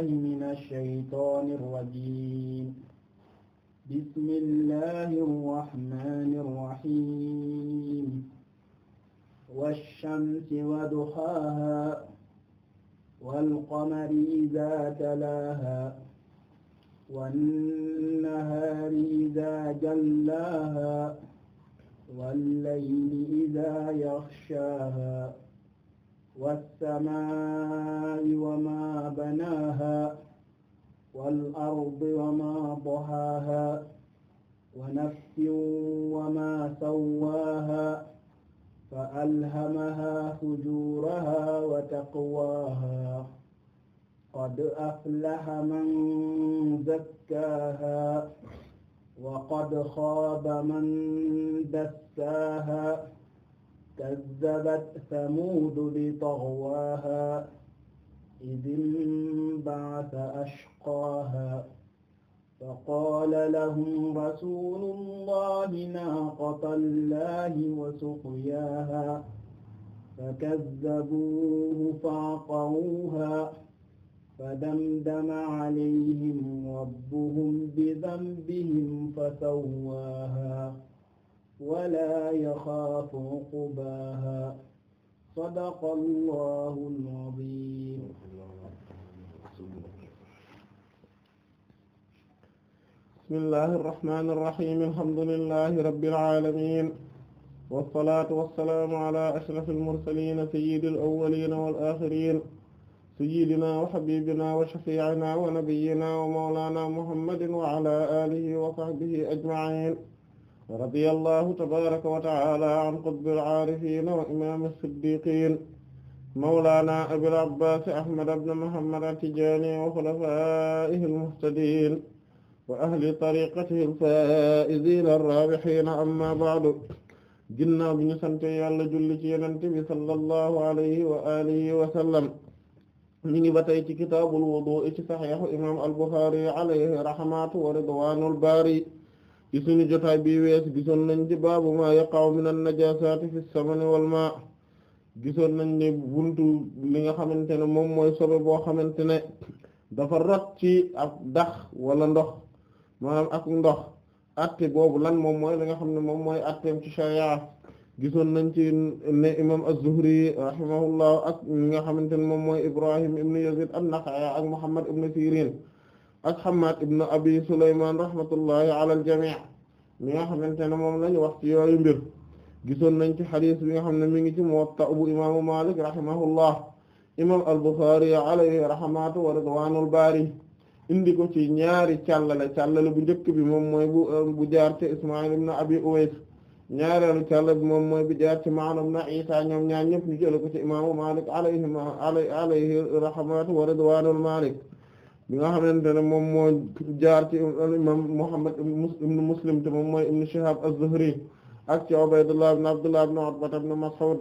من الشيطان الرجيم بسم الله الرحمن الرحيم والشمس وضحاها والقمر إذا تلاها والنهار إذا جلاها والليل إذا يغشاها والسماء وما بناها والأرض وما ضحاها ونفس وما سواها فألهمها فجورها وتقواها قد أفلح من زكاها وقد خاب من دساها كذبت ثمود بطغواها إذ انبعث أشقاها فقال لهم رسول الله ناقة الله وسقياها فكذبوه فعقروها فدمدم عليهم ربهم بذنبهم فسواها wala yaxaafu uqbaaha sadaqallaahu al-aziim bismillaahi irrahmaani irrahim alhamdulillaahi rabbil aalamiin wassalaatu wassalaamu alaa ashrafil mursaliin sayyidil awwaliin wal aaxiriin sayyidinaa wa habiibinaa wa shafiicinaa wa nabiyinaa wa mawlaanaa muhammadin wa alaa aalihi wa sahbihi ajmaciin radiyallahu tabaraka wa ta'ala an qutbil aarifiin wa imaam as-siddiqiin mawlaana abil abbaas ahmad ibn muhammad at-tijaani wa xulafaa'ihi al-muhtadiin wa ahli tariiqatihi al-faa'iziina ar-raabihiin amma ba'du ginnaaw bi ñu sante yàlla julli ci yonent bi sallallahu alayhi wa alihi wa sallam ñu ngi ba tey ci kitaabul wudu ci saxiixu imaam al-Buxaari alayhi rahmatu wa ridwaanul baari ci suñu jotaay bi wees gisoon nañ ci baabu ma yaqaw min an najasaati fi samani wal maa gisoon nañ ne buntu li nga xamante ne moom mooy sobe boo xamante ne dafa rot ci ab dax wala ndox maanaam ak ndox atte boobu lan moom mooy li nga xam ne moom mooy atteem ci sharia gisoon nañ ci ne imam az-Zuhri rahimahullah ak li nga xamante ne moom mooy Ibrahim ibn Yazid an-Nakha'i ak Muhammad ibn Sirin ak Hammad ibn Abi Sulaymaan rahmatullahi ala al-jamii mi nga xamante ne moom lañ wax ci yooyu mbir gisoon nañ ci xadis bi nga xam ne mi ngi ci Muwatta bu imaamu Maalik rahimahullah imaam al-Buxaari alayhi rahmatu wa ridwaanul baari indi ko ci ñaari càllale càllale bu njëkk bi moom mooy bu euh, bu jaar ci Ismaayil ibn Abi Uways ñaareelu càllale bi moom mooy bu jaar ci Ma'mar ibn Iisaa ñoom ñaar ñëpp ñu jël ko ci imaamu Maalik alayhi alayhi rahmatu wa ridwaanul Maalik bi nga xamante ne moom moo jaar ci imam Muhammad ibn Muslim te moom mooy ibn Shihab az-Zuhri ak ci Ubaydullah ibn Abdullah ibn Utba ibn Mas'ud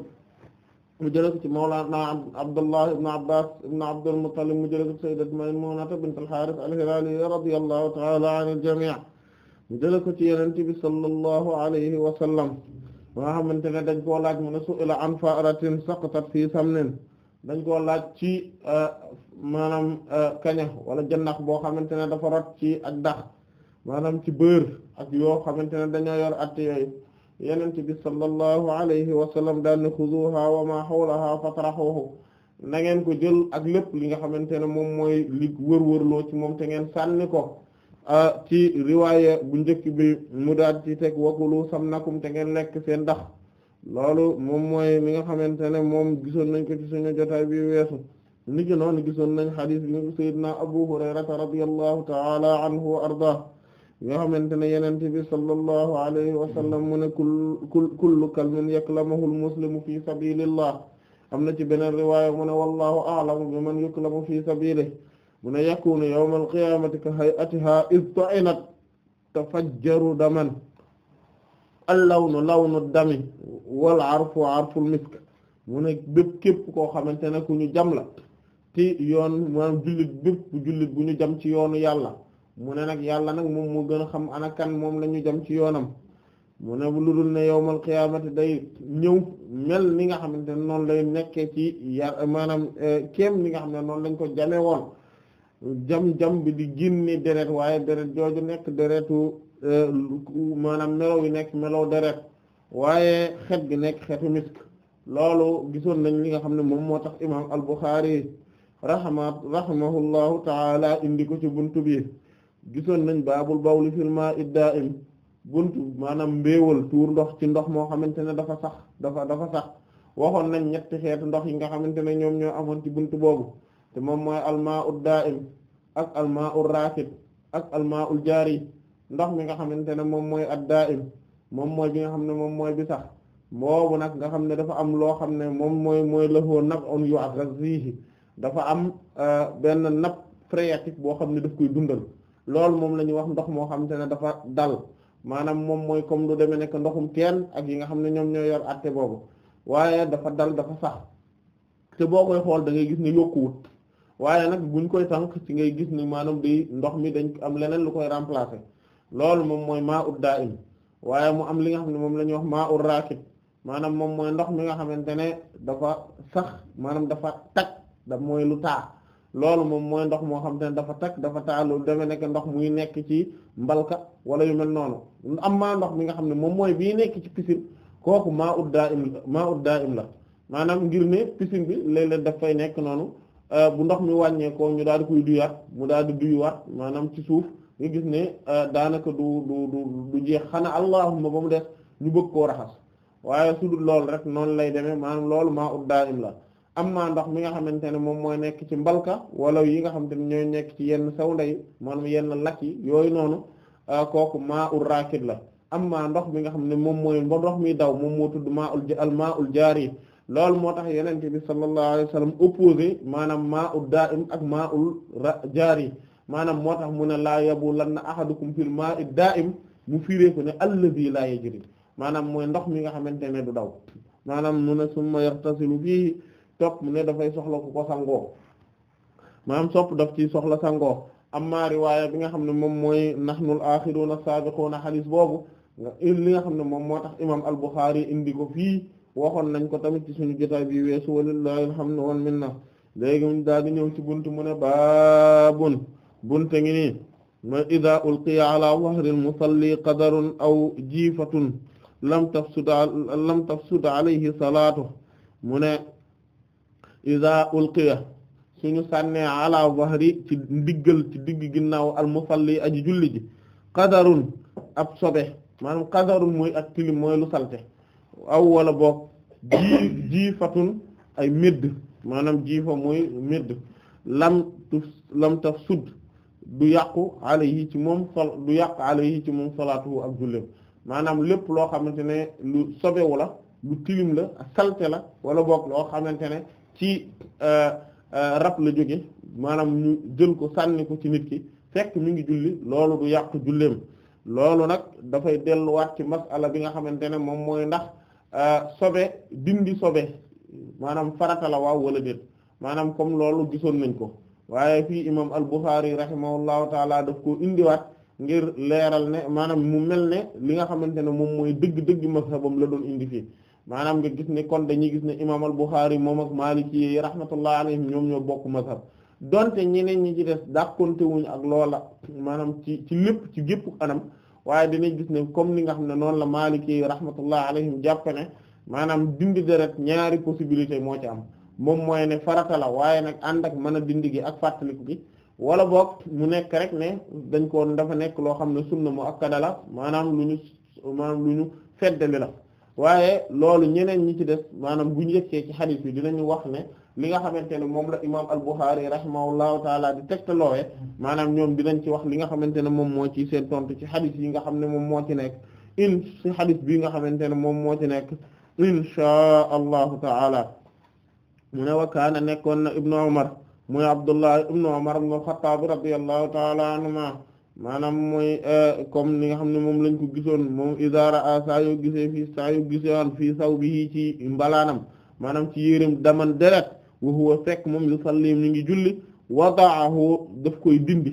mu jële ko ci Mawlana Abdullah ibn Abbas ibn Abdul Muttalib mu jële ko ci sayyidat Maymuna bint al-Harith al-Hilali radiyallahu ta'ala anil jami' mu jële ko ci Yonent bi sallallahu alayhi wa sallam ba nga xamante ne dañ koo laaj mu ne su'ila an fa'ratin saqatat fi samnin dañ koo laaj ci maanaam euh, kaña wala jannax boo xamante ne dafa rot ci ak dax maanaam ci bër ak yoo xamante ne dañoo yor at yooyu yenent bi sallallahu alayhi wa sallam daal ne xuzuha wa ma hawlaha fatrahuhu na ngeen ko jël ak lépp li nga xamante ne moom mooy li wër loo ci moom te ngeen sànni ko euh, ci riwaaya bu njëkk bi mu daal ci teg wakulu samnakum te ngeen lekk seen ndax loolu moom mooy li nga xamante ne moom gisoon nañ ko ci suñu jotaay bi weesu ni ki noonu gisoon nañ xadis bi nga abu hurayrata radiyallahu ta'ala anhu wa arda nga xamante ne yenente mu ne kul kullu kalmin yaklamuhu almuslimu fi sabilillah am na ci beneen riwaaya mu ne wallahu a'lamu biman yuklamu fi sabilihi mu ne yakunu yawma alqiyamati ka hay'atiha id ta'inat tafajjaru daman allawnu lawnu dami wal arfu arful misk mu ne bépp képp koo xamante ne ku ñu ci yoon maanaam jullit bépp jullit bu ñu jam ci yoonu yàlla mu ne nag yàlla nag moom moo gën a xam ana moom la ñu jam ci yoonam mu ne lu dul ne yawmal qiyaamati day ñëw mel ni nga xamante ne noonu lay nekkee ci yar maanaam eh, kem li nga xam ne noonu lañ ko jamee woon jam jam bi di génne deret waaye deret jooju nekk deretu eh, maanaam melow yi nekk melow deret waaye xet gi nekk xetu misk loolu gisoon nañ li nga xam ne moom moo tax imaam al-Bukhari rahma rahimahullahu taala indi ko ci bunt bi gisoon nañ baabul bawli fil maa'i daa'im bunt maanaam mbéewal tuur ndox ci ndox moo xamante ne dafa sax dafa dafa sax waxoon nañ ñetti xeetu ndox yi nga xamante ne ñoom ñoo amoon ci bunt boobu te moom mooy almaa'u daa'im ak almaa'u raafid ak almaa'u jaari ndox mi nga xamante ne moom mooy ad daa'im moom mooy bi nga xam ne moom mooy bi sax boobu nag nga xam ne dafa am loo xam ne moom mooy mooy la lahu nab'un yu'razihi dafa am euh, benn nappe phréatique boo xam ne daf koy dundal loolu moom la ñuy wax ndox moo xamante ne dafa dal maanaam moom mooy comme lu nekk ndoxum teen ak yi nga xam ne ñoom ñoo yor àtte boobu waaye dafa dal dafa sax te boo xool da ngay gis ne yokkuwut waaye nag buñ koy tànk ci ngay gis ne maanaam day ndox mi dañ am leneen lu koy remplacer loolu moom mooy maa ut mu am li nga xam ne moom la ñuy wax maa ut maanaam moom mooy ndox mi nga xamante ne dafa sax maanaam dafa tag da mooy lu taa loolu moom mooy ndox moo xam te ne dafa tag dafa taa loolu deme nekk ndox muy nekk ci mbalka wala yu mel noonu am maa ndox mi nga xam ne moom mooy bii nekk ci piscine kooku maa ut daa im maa ut daa im la maanaam ngir ne piscine bi léeg daf fay nekk noonu euh, bu ndox mi wàññeekoo ñu daal di koy duyaat mu daal di duyuwaat maanaam ci suuf nga gis ne euh, daanaka du du du du jeex xanaa allahumma ba mu def ñu bëgg koo raxas waaye su dul loolu rek noonu lay demee maanaam loolu maa ut daa im la. am na ndox mi nga xamante ne moom mooy nekk ci mbalka wala yi nga xamante ne ñooy nekk ci yenn saw ndey maanaam yenn lakk yi yooyu noonu euh, kooku maa ul raakid la am na ndox mi nga xam ne moom mooy ba ndox daw moom moo tudd maa ul al maa ul jaari loolu moo tax yenente bi sallallahu alayhi wa sallam opposé maanaam maa ul daa'im ak maa ul jaari maanaam moo tax mu ne laa yabulanna ahadukum fil maa'i daa'im mu firee ko ne allazi laa maanaam mooy ndox mi nga xamante ne du daw maanaam mu ne summa yaxtasilu fiihi sopp mu ne dafay soxla ku ko sangoo maanaam sopp daf ci soxla sangoo amma riwaaya bi nga xam ne moom mooy nahnul axiruuna saabiquuna xadis boobu nga li nga xam ne moom moo tax imam al-Bukhari indi ko fii waxoon nañ ko tamit ci suñu jotaay bi weesu walillahi alhamdu wal minna léegi ñu daal di ñëw ci buntu mu ne baabun bunte ngi nii ma ida ulqiya ala wahril musalli qadarun aw jiifatun lam tafsud lam tafsud alayhi salaatu mu iza ulqiya suñu sànnee ala wahri ci ndiggal ci digg ginnaaw al musalli aji julli ji ab sobe maanaam qadarun muy ak tilim mooy lu salte aw wala boog ji jiifatun ay médd maanaam jiifa muy médd lam tu lam taf sud du yàqu alayhi ci moom sol du yàqu alayhi ci moom ak julleem maanaam lépp loo xamante ne lu sobewu la lu tilim la salte la wala boog loo xamante ne ci euh, euh, rab la jóge maanaam ñu jël ko sànni ko ci nit ki fekk mi ngi julli loolu du yàq julleem loolu nag dafay delluwaat ci masala bi nga xamante ne moom mooy ndax euh, sobe dindi sobe maanaam farata la waaw wala déet maanaam comme loolu gisoon nañ ko waaye fii imam al-Bukhari rahimahullahu taala daf koo indiwaat ngir leeral ne maanaam mu mel ne li nga xamante ne moom mooy dëgg-dëgg mazhabam la doon indi fii maanaam nga gis ne kon dañuy gis ne imam al-Bukhari moom ak Maliki yi rahmatullah alayhim ñoom ñoo bokk mazhab donte ñeneen ñi ci des dàqonte wuñ ak loola maanaam ci ci lépp ci gépp anam waaye dinañ gis ne comme ni nga xam ne noonu la Maliki yi rahmatullah alayhim jàpp ne maanaam dindi deret ñaari possibilité moo ci am moom mooy ne farata la waaye nag ànd ak mën a dindi gi ak fàttaliku gi wala boog mu nekk rek ne dañ ko dafa nekk loo xam ne na mu akkada la maanaam lu ñu maanaam lu ñu feddali la waaye loolu ñeneen ñi ci des maanaam bu ñu yegsee ci xadiis bi dinañu wax ne li nga xamante ne moom la imaam al-Bukhari rahimahullahu taala di tegtaloowe maanaam ñoom dinañ ci wax li nga xamante ne moom moo ci seen tontu ci xadiis yi nga xam ne moom moo ci nekk in ci xadiis bi nga xamante ne moom moo ci nekk inchaa allahu taala mu ne wa nekkoon na ibnu Umar muy Abdullah ibnu Umar ibnu al-Khattab radiyallahu taala anhuma maanaam mooy euh, comme li nga xam ne moom lañ ko gisoon moom izara a saa yoo gisee fii saa yoo gisewoon fii saw bi ci mbalaanam maanaam ci yéram daman deret wa huwa fekk moom yusalli mi ngi julli wadaahu def koy dindi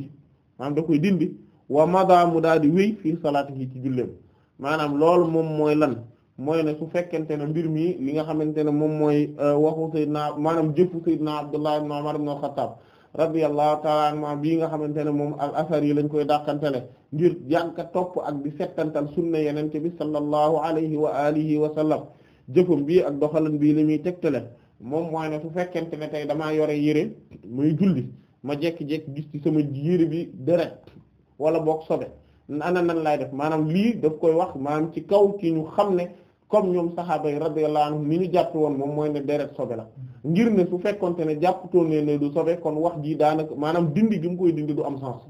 maanaam daf koy dindi wa mada mu daal di wéy fii salaatihi ci julleem maanaam lool moom mooy lan mooy ne su fekkente ne mbir mi li nga xamante ne moom mooy euh, waxu Seydina maanaam jëfu Seydina Abdullah ibn Umar ibn Khattab radiyallahu taala anhuma bii nga xamante ne moom al asar yi lañ koy dàqantele ngir a topp ak di settantal sunna yenente bi sallallahu alayhi wa alihi wa sallam jëfam bii ak doxalan bii li muy tegtale moom mooy ne su fekkente ne tey damaa yore yére muy julli ma jekki-jekki gis ci sama yére bi deret wala boog sobe ana nan laay def maanaam lii daf koy wax maanaam ci kaw ci ñu xam ne comme ñoom saxaaba yi radiyallahu anhum mi ñu jàpp woon moom mooy ne deret sobe la ngir ne su fekkonte ne jàpputoon ne du sobe kon wax jii daana maanaam dindi gi mu koy dindi du am sens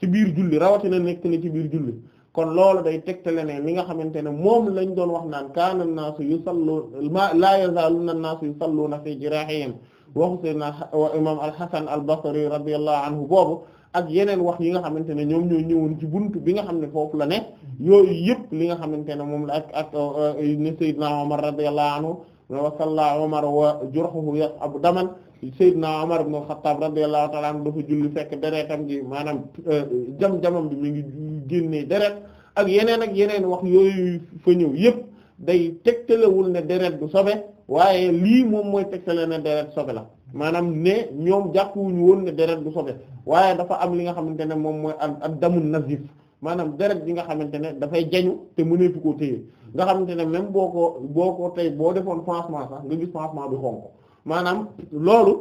ci biir julli rawatina nekk na ci biir julli kon loolu day tegtale ne li nga xamante ne moom lañ doon wax naan kaana naasu yusalluuna laa yazaaluuna naasu yusalluuna fi jiraahihim waxu sayyidina imaam al-Hasan al-Basri radiyallahu anhu boobu ak yeneen wax yi nga xamante ne ñoom ñoo ñëwoon ci buntu bi nga xam ne foofu la ne yooyu yëpp li nga xamante ne moom la ak ak euh, ne Seydina Omar radiyallahu anhu wa salla Omar wa jurhuhu yas'abu daman Seydina Omar ibn Khattab radiyallahu ta'ala dafa julli fekk deretam ji maanaam euh, jam-jamam bi mi ngi génnee deret ak yeneen ak yeneen wax yooyu fa ñëw yëpp day tegtalewul ne deret du sobe waaye lii moom mooy tegtale ne deret sobe la maanaam ne ñoom jàppuwuñu woon ne deret du sobe waaye dafa am li nga xamante ne moom mooy ak ak damu nazif maanaam deret bi nga xamante ne dafay jañu te mëneetu koo téye nga xamante ne même boo ko boo ko tey boo defoon pansement sax nga gis pansement bi xonk maanaam loolu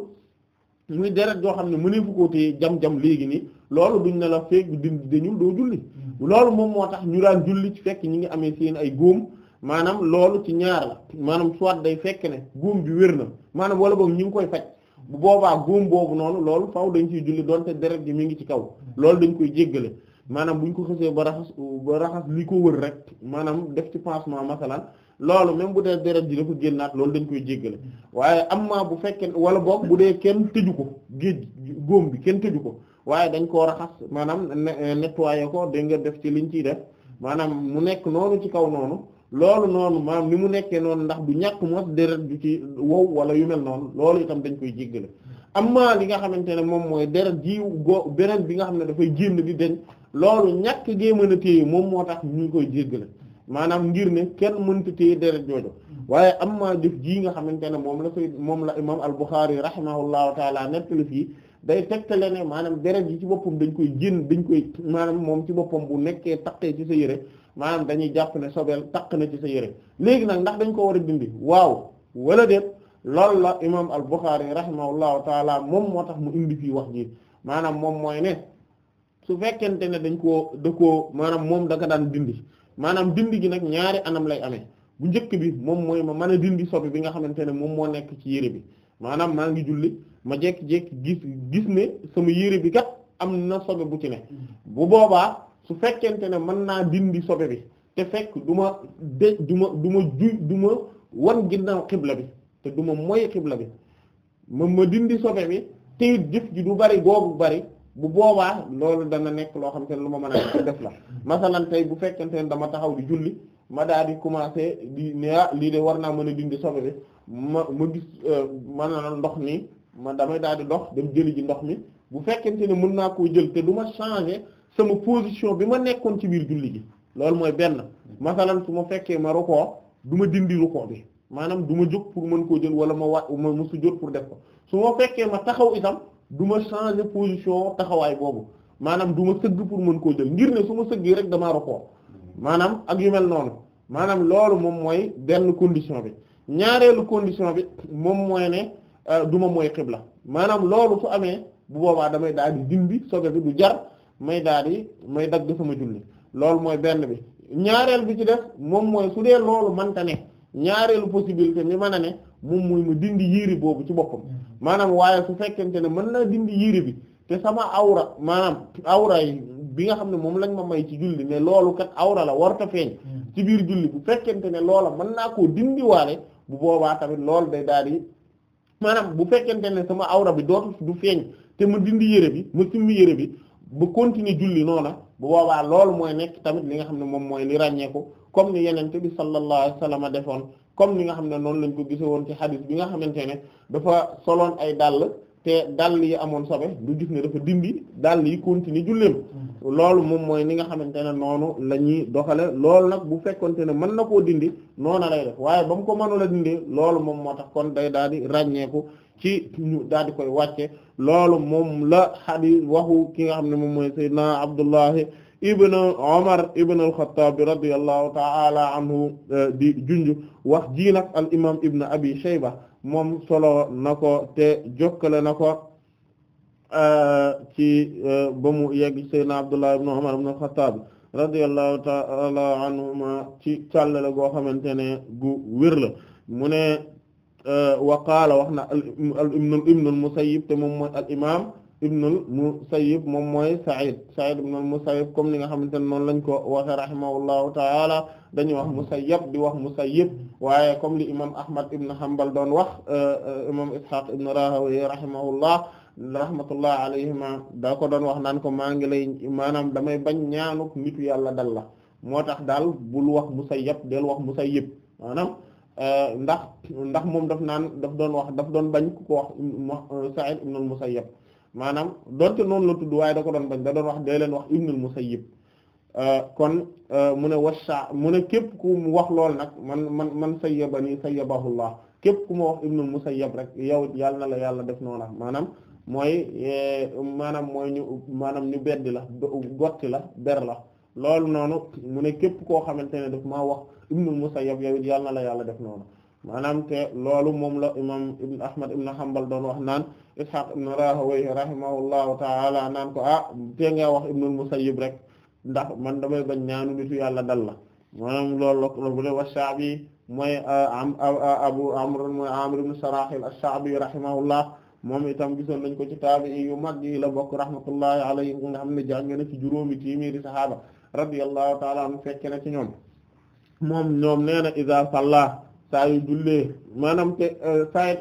muy deret joo xam ne mëneefu koo téye jam-jam léegi nii loolu duñ ne la feeg di dañul doo julli loolu moom moo tax ñu daan julli ci fekk ñi ngi amee seen ay góom maanaam loolu ci ñaar la maanaam soit day fekk ne góom bi wér na maanaam wala boog ñu ngi koy faj bu boobaa góom boobu noonu loolu faaw dañ ciy julli doonte deret gi mu ngi ci kaw loolu dañ koy jéggale maanaam buñ ko xësee ba raxas ba raxas li ko wër rek maanaam def ci pansement masalan loolu même bu dee deret ji dafa génnaat loolu dañ koy jéggale waaye am amma bu fekkee wala boog bu dee kenn tëju ko géej góom bi kenn tëju ko waaye dañ koo raxas maanaam nettoyer ko da nga def ci liñ ciy def maanaam mu nekk noonu ci kaw noonu loolu noonu maam ni mu nekkee noonu ndax du ñàkk mos deret ju ci wow wala yu mel noonu loolu itam dañ koy jéggale amma li nga xamante ne moom mooy deret ji go beneen bi nga xam ne dafay génn di deñ loolu ñàkk gee mën a téye moom moo tax ñu ngi koy jéggale maanaam ngir ne kenn mënta téye deret joojo waaye amma jëf jii nga xamante ne moom la koy moom la imam al-Bukhari rahimahullahu taala nettali fii day tegtale ne maanaam deret ji ci boppam dañ koy génn dañ koy maanaam moom ci boppam bu nekkee taqee ci sa yére maanaam dañuy jàpp ne sobeel takk na ci sa yére léegi nag ndax dañ ko war a dindi waaw wala déet loolu la imaam al-Bukhari rahimahullahu taala moom moo tax mu indi fii wax ji maanaam moom mooy ne su fekkente ne dañ koo da koo maanaam moom da daan dindi maanaam dindi gi nag ñaari anam lay amee bu njëkk bi moom mooy ma mën a dindi sobe bi nga xamante ne moom moo nekk ci yére bi maanaam maa ngi julli ma jékki-jékki gis gis ne sama yére bi kat am na sobe bu ci ne mm-hmm. bu boobaa su fekkente ne mën naa dindi sobe bi te fekk du ma de duma ma du ma ju du ma ginnaaw xibla bi te du ma moy xibla bi moom ma dindi sobe bi te jëf gi du bari googu bari bu boobaa loolu dana nekk loo xam te lu ma mën a def la masalan tey bu fekkente ne dama taxaw di julli ma daal di commencer di ne ah lii de war naa mën a dindi sobe bi ma ma gis euh, ma naan ndox nii ma damay daal di dox dem jëli ji ndox mi bu fekkente ne mën naa koo jël te du ma changer sama position bi ma nekkoon ci biir julli gi loolu mooy benn masalan su ma fekkee ma rukoo du ma dindi rukoo bi maanaam du ma jóg pour mën koo jël wala ma wa ma mu sujjóot pour def ko su ma fekkee ma taxaw itam du ma changer position taxawaay boobu maanaam du ma sëgg pour mën koo jël ngir ne su ma sëggee rek damaa rukoo maanaam ak yu noonu maanaam loolu moom mooy benn condition bi ñaareelu condition bi moom mooy ne euh, du ma mooy xibla maanaam loolu su amee bu boobaa damay daal di dindi sobe bi du jar may daal di may dagg sama julli loolu mooy benn bi ñaareel bi ci def moom mooy su dee loolu manta ne ñaareelu possibilité mi mën a ne moom mooy mu dindi yére boobu ci boppam maanaam waaye su fekkente ne mën naa dindi yére bi te sama awra maanaam awra yi bi nga xam ne moom lañ ma may ci julli ne loolu kat awra la warta feeñ hmm. ci biir julli bu fekkente ne loola man naa ko dindiwaale bu boobaa tamit loolu day daal di maanaam bu fekkente ne sama awra bi dootu du feeñ te ma dindi yére bi ma simmi yére bi bu continuer julli noona bu boobaa loolu mooy nekk tamit li nga xam ne moom mooy li ràññeeku comme ni yenente bi sallallahu alayhi wa sallam defoon comme ni nga xam ne noonu lañ ko gise woon ci xadis bi nga xamante ne dafa soloon ay dàll te dàll yi amoon sobe du gis ne dafa dindi dàll yi continuer julleem loolu moom mooy ni nga xamante ne noonu la ñuy doxale loolu nag bu fekkonte ne mën na koo dindi noona lay def waaye ba mu ko mënula dindee loolu moom moo tax kon day daal di ràññeeku ci ñu daal di koy wàcce loolu moom la xadis waxu ki nga xam ne moom mooy sayyidina Abdullahi ibn Omar ibn al-Khattab radiyallahu ta'ala anhu eh, di junj wax ji nag al imam ibn Abi Shayba moom solo na ko te jokkale na ko eh, ci eh, ba mu yegg sayyidina Abdullah ibn Omar ibn al-Khattab radiyallahu ta'ala anhuma ci càllale goo xamante ne gu wér la mu ne wa qaala wax na ibnu ibnu al-Musayyib te moom mooy al imaam ibnu moom mooy Sa'id Sa'id ibnu al-Musayyib comme ni nga xamante ne noonu lañ ko waxee rahimahullahu ta'ala dañuy wax Musayyab di wax Musayyib waaye comme li imaam Ahmad ibn Hanbal doon wax euh, euh, imaam Ishaq ibn Rahawayh rahimahullah rahmatullah alayhima daa ko doon wax naan ko maa ngi lay maanaam damay bañ ñaanuk nitu yàlla dal la moo tax daal bul wax Musayyab del wax Musayyib maanaam. Euh, ndax ndax moom daf naan daf doon wax daf doon bañ ku ko wax euh, Sa'id ibn al-Musayyab maanaam donte noonu la tudd waaye da ko doon bañ da doon wax dee leen wax ibn al-Musayyib euh, kon mu ne washa mu ne képp ku mu wax lool nag man man man sayyabani sayyabahullah képp ku ma wax ibn al-Musayyab rek yow yàlla na la yàlla def noona maanaam mooy maanaam mooy ñu maanaam ñu beddi la gotti la ber la loolu noonu mu ne képp koo xamante ne daf maa wax ibnul Musayyab yow it yàlla na la yàlla def noonu maanaam te loolu moom la imam ibn Ahmad ibn Hanbal doon wax naan Ishaq ibn Rahawayh rahimahullahu taala naan ko ah te nga wax ibnul Musayyib rek ndax man damay bañ ñaanu nitu yàlla dal la maanaam loolu la bu dee wa Sha'bi mooy ah, am ah, ah, abu amr mooy amr ibn Sarahil ash-Sha'bi rahimahullah moom itam gisoon nañ ko ci taabi'i yu mag yi la bokk rahmatullahi alayhi nga xam ne jàng na ci juróomi téeméeri sahaaba radiyallahu taala anhu fekk na ci ñoom moom ñoom nee na iza salla saa yu jullee maanaam te euh, Sa'id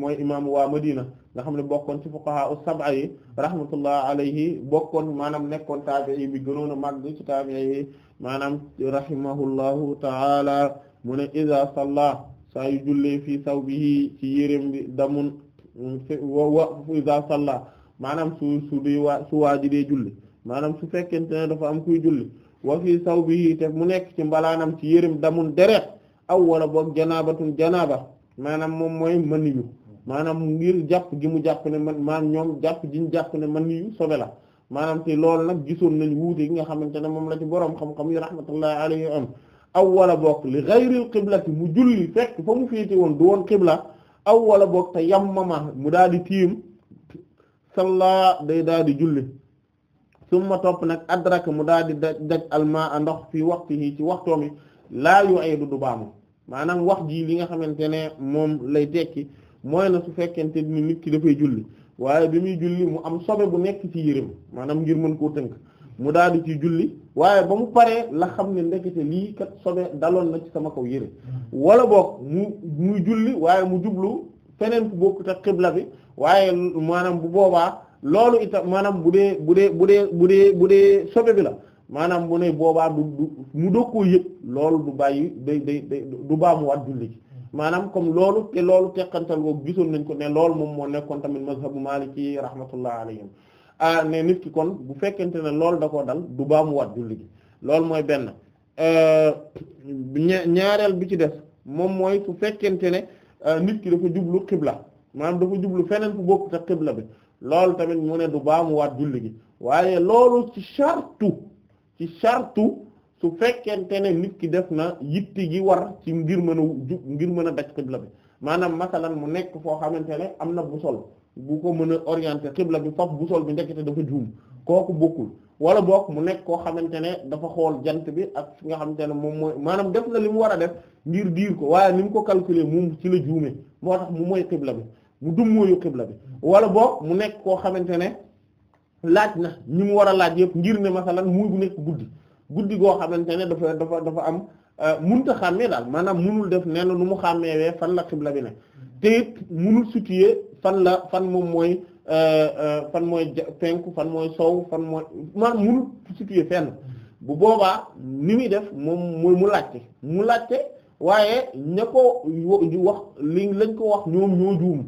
mooy imaamu waa Madina nga xam ne bokkoon ci fuqaha as-sab'a yi alayhi bokkoon maanaam nekkoon taabi'i bi gënoon a màgg ci taabi'i yi maanaam rahimahullahu ta'ala mu ne iza salla saa yu jullee fii sawbihi ci yéreem bi damun mm, wa iza maanaam su su dee waa waaji dee julli maanaam su fekkente ne dafa am kuy julli wa fii sawbihi te mu nekk ci mbalaanam ci yërim damun deret aw wala boog janaabatun janaaba maanaam moom mooy maniyu maanaam ngir jàpp gi mu jàpp ne man ñoom jàpp ji ñu jàpp ne maniyu sobe la maanaam te loolu nag gisoon nañ wuute ki nga xamante ne moom la ci boroom xam-xam yi rahmatullahi alayhi am aw wala boog li ghayril qiblati mu julli fekk fa mu féete woon du woon qibla aw wala boog te yammama mu daal di tiim salla day daal di julli summa topp nag adraka mu daal di daj alma a ndox fii waqtihi ci waxtoom yi laa yu aydu du baamu maanaam wax ji li nga xamante ne moom lay tekki mooy na su fekkente ni nit ki dafay julli waaye bi muy julli mu am sobe bu nekk ci yërëm maanaam ngir mën koo tënk mu daal di ci julli waaye ba mu paree la xam ne ndekete lii kat sobe daloon na ci sama kaw yëre wala boog mu muy julli waaye mu jublu feneen ku bokk ta xibla bi waaye maanaam bu boobaa loolu itam maanaam bu dee bu dee bu dee bu dee bu dee sobe la maanaam mu ne boobaa du mu dokkoo yëpp loolu du bàyyi day day day du baamuwaat julli gi maanaam comme loolu te loolu teqantal boobu gisoon nañ ko ne loolu moom moo nekkoon tamit mazhabu maliki rahmatullah alayhim ah ne nit ki kon bu fekkente ne loolu da koo dal du baamuwaat julli gi loolu mooy benn euh, ñaareel bi ci def moom mooy su fekkente ne euh, nit ki dafa jublu xibla maanaam dafa jublu feneen fu bokk te xibla bi loolu tamit mu ne du baamuwaat julli gi waaye loolu ci chartu ci chartu su fekkente ne nit ki def na yitti gi war ci ngir mën a jub ngir mën a daj xibla bi maanaam masalan mu nekk foo xamante ne am na bu sol bu ko mën a orienter xibla bi faf bu sol bi ndekete dafa juum kooku bokkul wala boog mu nekk koo xamante ne dafa xool jant bi ak fi nga xamante ne moom mooy maanaam def na li mu war a def ngir diir ko waaye ni mu ko calculer moom ci la juume moo tax mu mooy xibla bi mu dummóoyu xibla bi wala boog mu nekk koo xamante ne laaj na ñi mu war a laaj yëpp ngir ne masalan muy bu nekk guddi guddi goo xamante ne dafa dafa dafa am euh, munta xàmmee daal maanaam munul def nee na nu mu xàmmeewee fan la xibla bi ne te it munul situer fan la fan moom mooy euh, euh, fan mooy penku fan mooy soow fan mooy man munul situer fenn bu boobaa ni muy def moom mooy mu laajte mu laajte waaye ña ko wax li lañ ko wax ñoom ñoo juum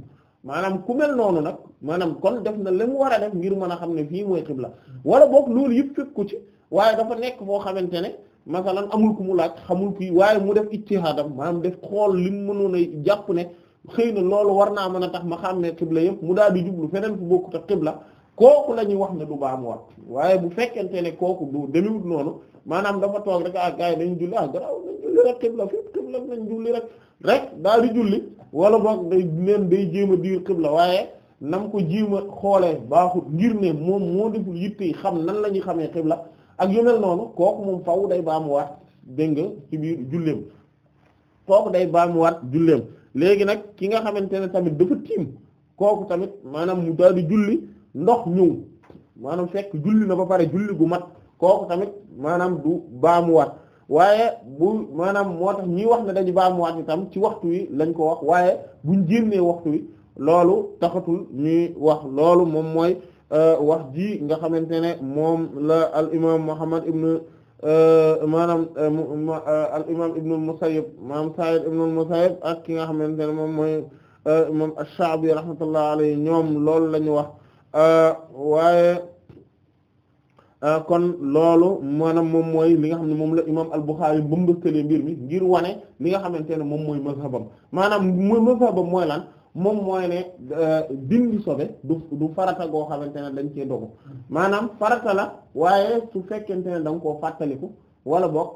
maanaam ku mel noonu nag maanaam kon def na li war a def ngir mën a xam ne fii mooy xibla wala boog loolu yëpp fekk ko ci waaye dafa nekk foo xamante ne masalan amul ku mu laaj xamul fii waaye mu def it ijtihaadam maanaam def xool li mu mënoon a jàpp ne xëy na loolu war naa mën a tax ma xam ne xibla yem mu daal di jublu feneen fu bokkut ak xibla kooku la ñuy wax ne du baamuwaat waaye bu fekkente ne kooku du deliwut noonu maanaam dafa toog rek ah gars yi dañu julli ah garaaw nañ julli rek rek daal di julli wala boog day neen day jéem a diir xibla waaye nam ko jéem a xoolee baaxut ngir ne moom moo deful yitte yi xam nan la ñuy xamee xibla ak yu mel noonu kooku moom faw day baamuwaat dégg nga ci biir julleem kooku day baamuwaat julleem léegi nag ki nga xamante ne tamit dafa tiim kooku tamit maanaam mu daal di julli. ndox ñëw maanaam fekk julli na ba pare julli gu mat kooku tamit maanaam du baamuwaat waaye bu maanaam moo tax ñi wax na dañu baamuwaat itam ci waxtu wi lañ ko wax waaye buñ jénnee waxtu wi loolu taxatul ñuy wax loolu moom mooy euh, wax ji nga xamante ne moom la al imam Muhammad ibnu euh, maanaam euh, al imam ibnu al-Musayyib maanaam ibnu al ak ki nga xamante ne moom mooy moom ash-Sha'bi rahmatullah alayhi ñoom loolu la ñu wax Euh, waaye euh, kon loolu maanaam moom mooy li nga xam ne moom la imaam al-Bukhârî bëmbëstalee mbir mi ngir wane li nga xamante ne moom mooy mazhabam maanaam mooy mazhabam mooy lan moom mooy ne euh, dindi sobe du du farata goo xamante ne dañ cee dogu maanaam farata la waaye su fekkente ne da koo fàttaliku wala boog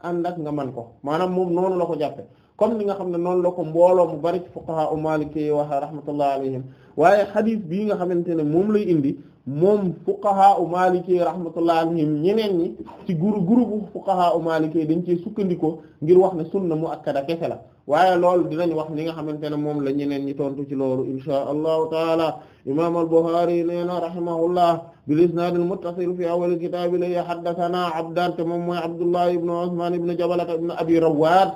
ànd ak nga man ko maanaam moom noonu la ko jàppe comme li nga xam ne noonu la ko mbooloo mu bari ci fuqaha u Maliki wa rahmatullahi alayhim waaye xadis bii nga xamante ne moom lay indi moom fuqaha u maliki rahmatullah alayhim ñeneen ñi ci guru gurubu fuqaha u maliki dañ cee sukkandikoo ngir wax ne sunna mu akkada kese la waaye loolu dinañ wax li nga xamante ne moom la ñeneen ñi tontu ci loolu inshaa allahu taala imam al-Bukhari nee na rahimahullah bil isnad al-muttasil fi awwal kitab la haddathana abdan te moom mooy abdullah ibn usman ibn jabalata ibn abi rawad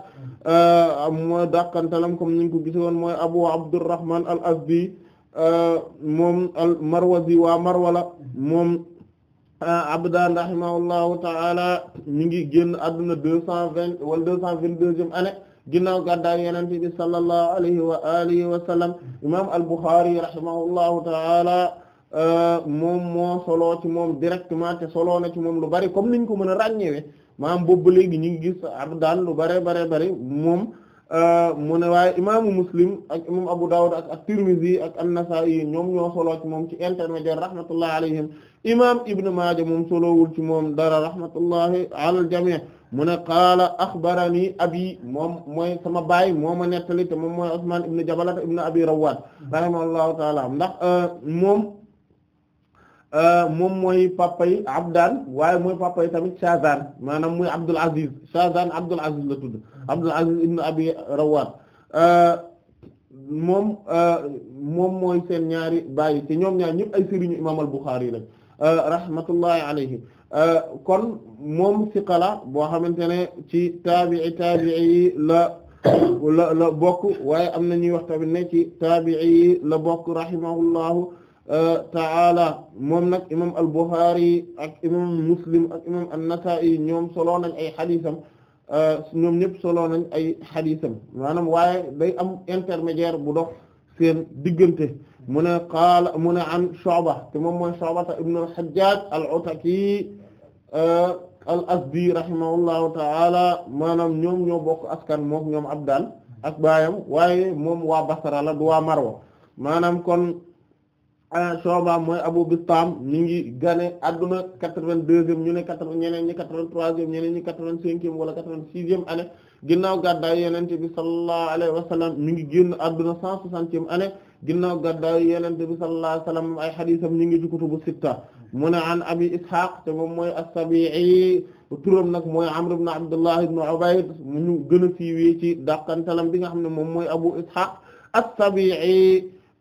moo dàqantalam comme niñ ko gisoon mooy abu abdurrahman al-azdi Euh, moom al marwazi waa marwala moom euh, abdan rahimahullahu taala mi ngi génn adduna deux cent vingt wala deux cent vingt deuxième année ginnaaw gàddaay yonent bi sallallahu alayhi wa alihi wa al Bukhari rahimahullahu taala euh, moom moo soloo ci moom directement soloo na ci moom lu bari comme niñ ko mën a ràññewe maanaam boobu léegi ñu ngi gis abdan lu bare bare bari moom Euh, mu ne waaye imaamu muslim ak imam Abu Dawud ak at-Tirmidhi ak an-Nasa'i ñoom ñoo solo ci moom ci intermédiaire rahmatullahi alayhim imam Ibn Maaja moom solowul ci moom dara rahmatullahi ala al-jami' mu ne qaala axbarani abi moom mooy sama baay moo ma nettali te moom mooy Usmaan ibn Jabalata ibn Abi Rawwaad rahimahullahu ta'ala ndax euh, moom Euh, moom mooy papay Abdaan waaye mooy papay tamit Shazan maanaam muy Abdul Aziz Shazan Abdul Aziz la tudd Abdul Aziz ibn Abi Rawat euh, moom euh, moom mooy seen ñaari baay ci ñoom ñaar ñëpp ay sëriñu imaam al-Bukhari lañ rahmatullahi alayhi kon moom siqala boo xamante ne ci taabii taabii la la bokk waaye am na ñuy wax tamit ne ci taabii yi la bokk rahimahullahu taala moom nag imam al-Bukhari ak imam Muslim ak imam an-Nasa'i ñoom solo nañ ay xadisam euh, ñoom ñëpp solo nañ ay xadisam maanaam waaye day am intermédiaire bu dox seen diggante mu ne qaala an Shu'ba te moom mooy Shu'ba ibn al-Hajjaj al-Ataki euh, al-Azdi rahimahullahu taala maanaam ñoom ñoo bokk askan moom ñoom Abdaan ak baayam waaye moom wa Basra du waa Marwa maanaam kon Ah, Shu'ba mooy Abu Bistam ñu ngi gane adduna quatre-vingt-deuxième ñu ne quatre ñeneen ñi quatre-vingt-troisième ñeneen ñi quatre-vingt-cinquième wala quatre-vingt-sixième année ginnaaw gàddaay Yonent bi sallallahu alayhi wa sallam ngi génn adduna cent soixantième année ginnaaw gàddaay Yonent bi sallallahu alayhi wa sallam ay xadiisam ñu ngi ci kutubu sitta mu ne an Abi Ishaq te moom mooy as-Sabi'i turam nag mooy Amr ibn Abdullah ibn Ubayd mu ñu gën a siiwee ci dàqantalam bi nga xam ne moom mooy Abu Ishaq as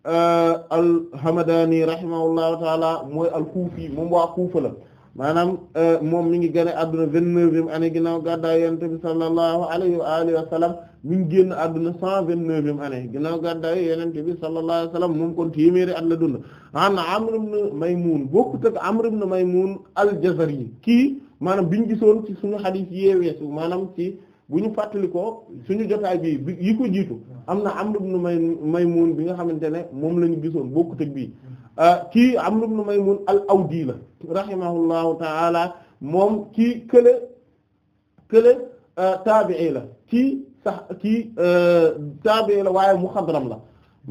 Euh, al-Hamadani rahimahullahu taala mooy al-Kufi moom waa Kufa la maanaam euh, moom mi ngi gën a adduna vingt-neuvième année ginnaaw gàddaay Yonent bi sallallahu alayhi wa alihi wa sallam mi ngi génn adduna cent vingt-neuvième année ginnaaw gàddaay Yonent bi sallallahu alayhi wa sallam moom kon téeméeri at la dund an Amr ibn Maymun bokkut ak Amr ibn Maymun al-Jazari kii maanaam biñu gisoon ci suñu hadith yee weesu maanaam ci bu ñu fàttali ko suñu jotaay bi yi jiitu am na Amr ibn Maymun bi nga xamante ne moom la ñu gisoon bokkut ak bii mm-hmm. ah, kii Amr ibn Maymun al-Awdi la rahimahullahu ta'ala moom kii kële kële ah, taabi'i la kii sax kii ah, taabi'i la waaye mu muxadram la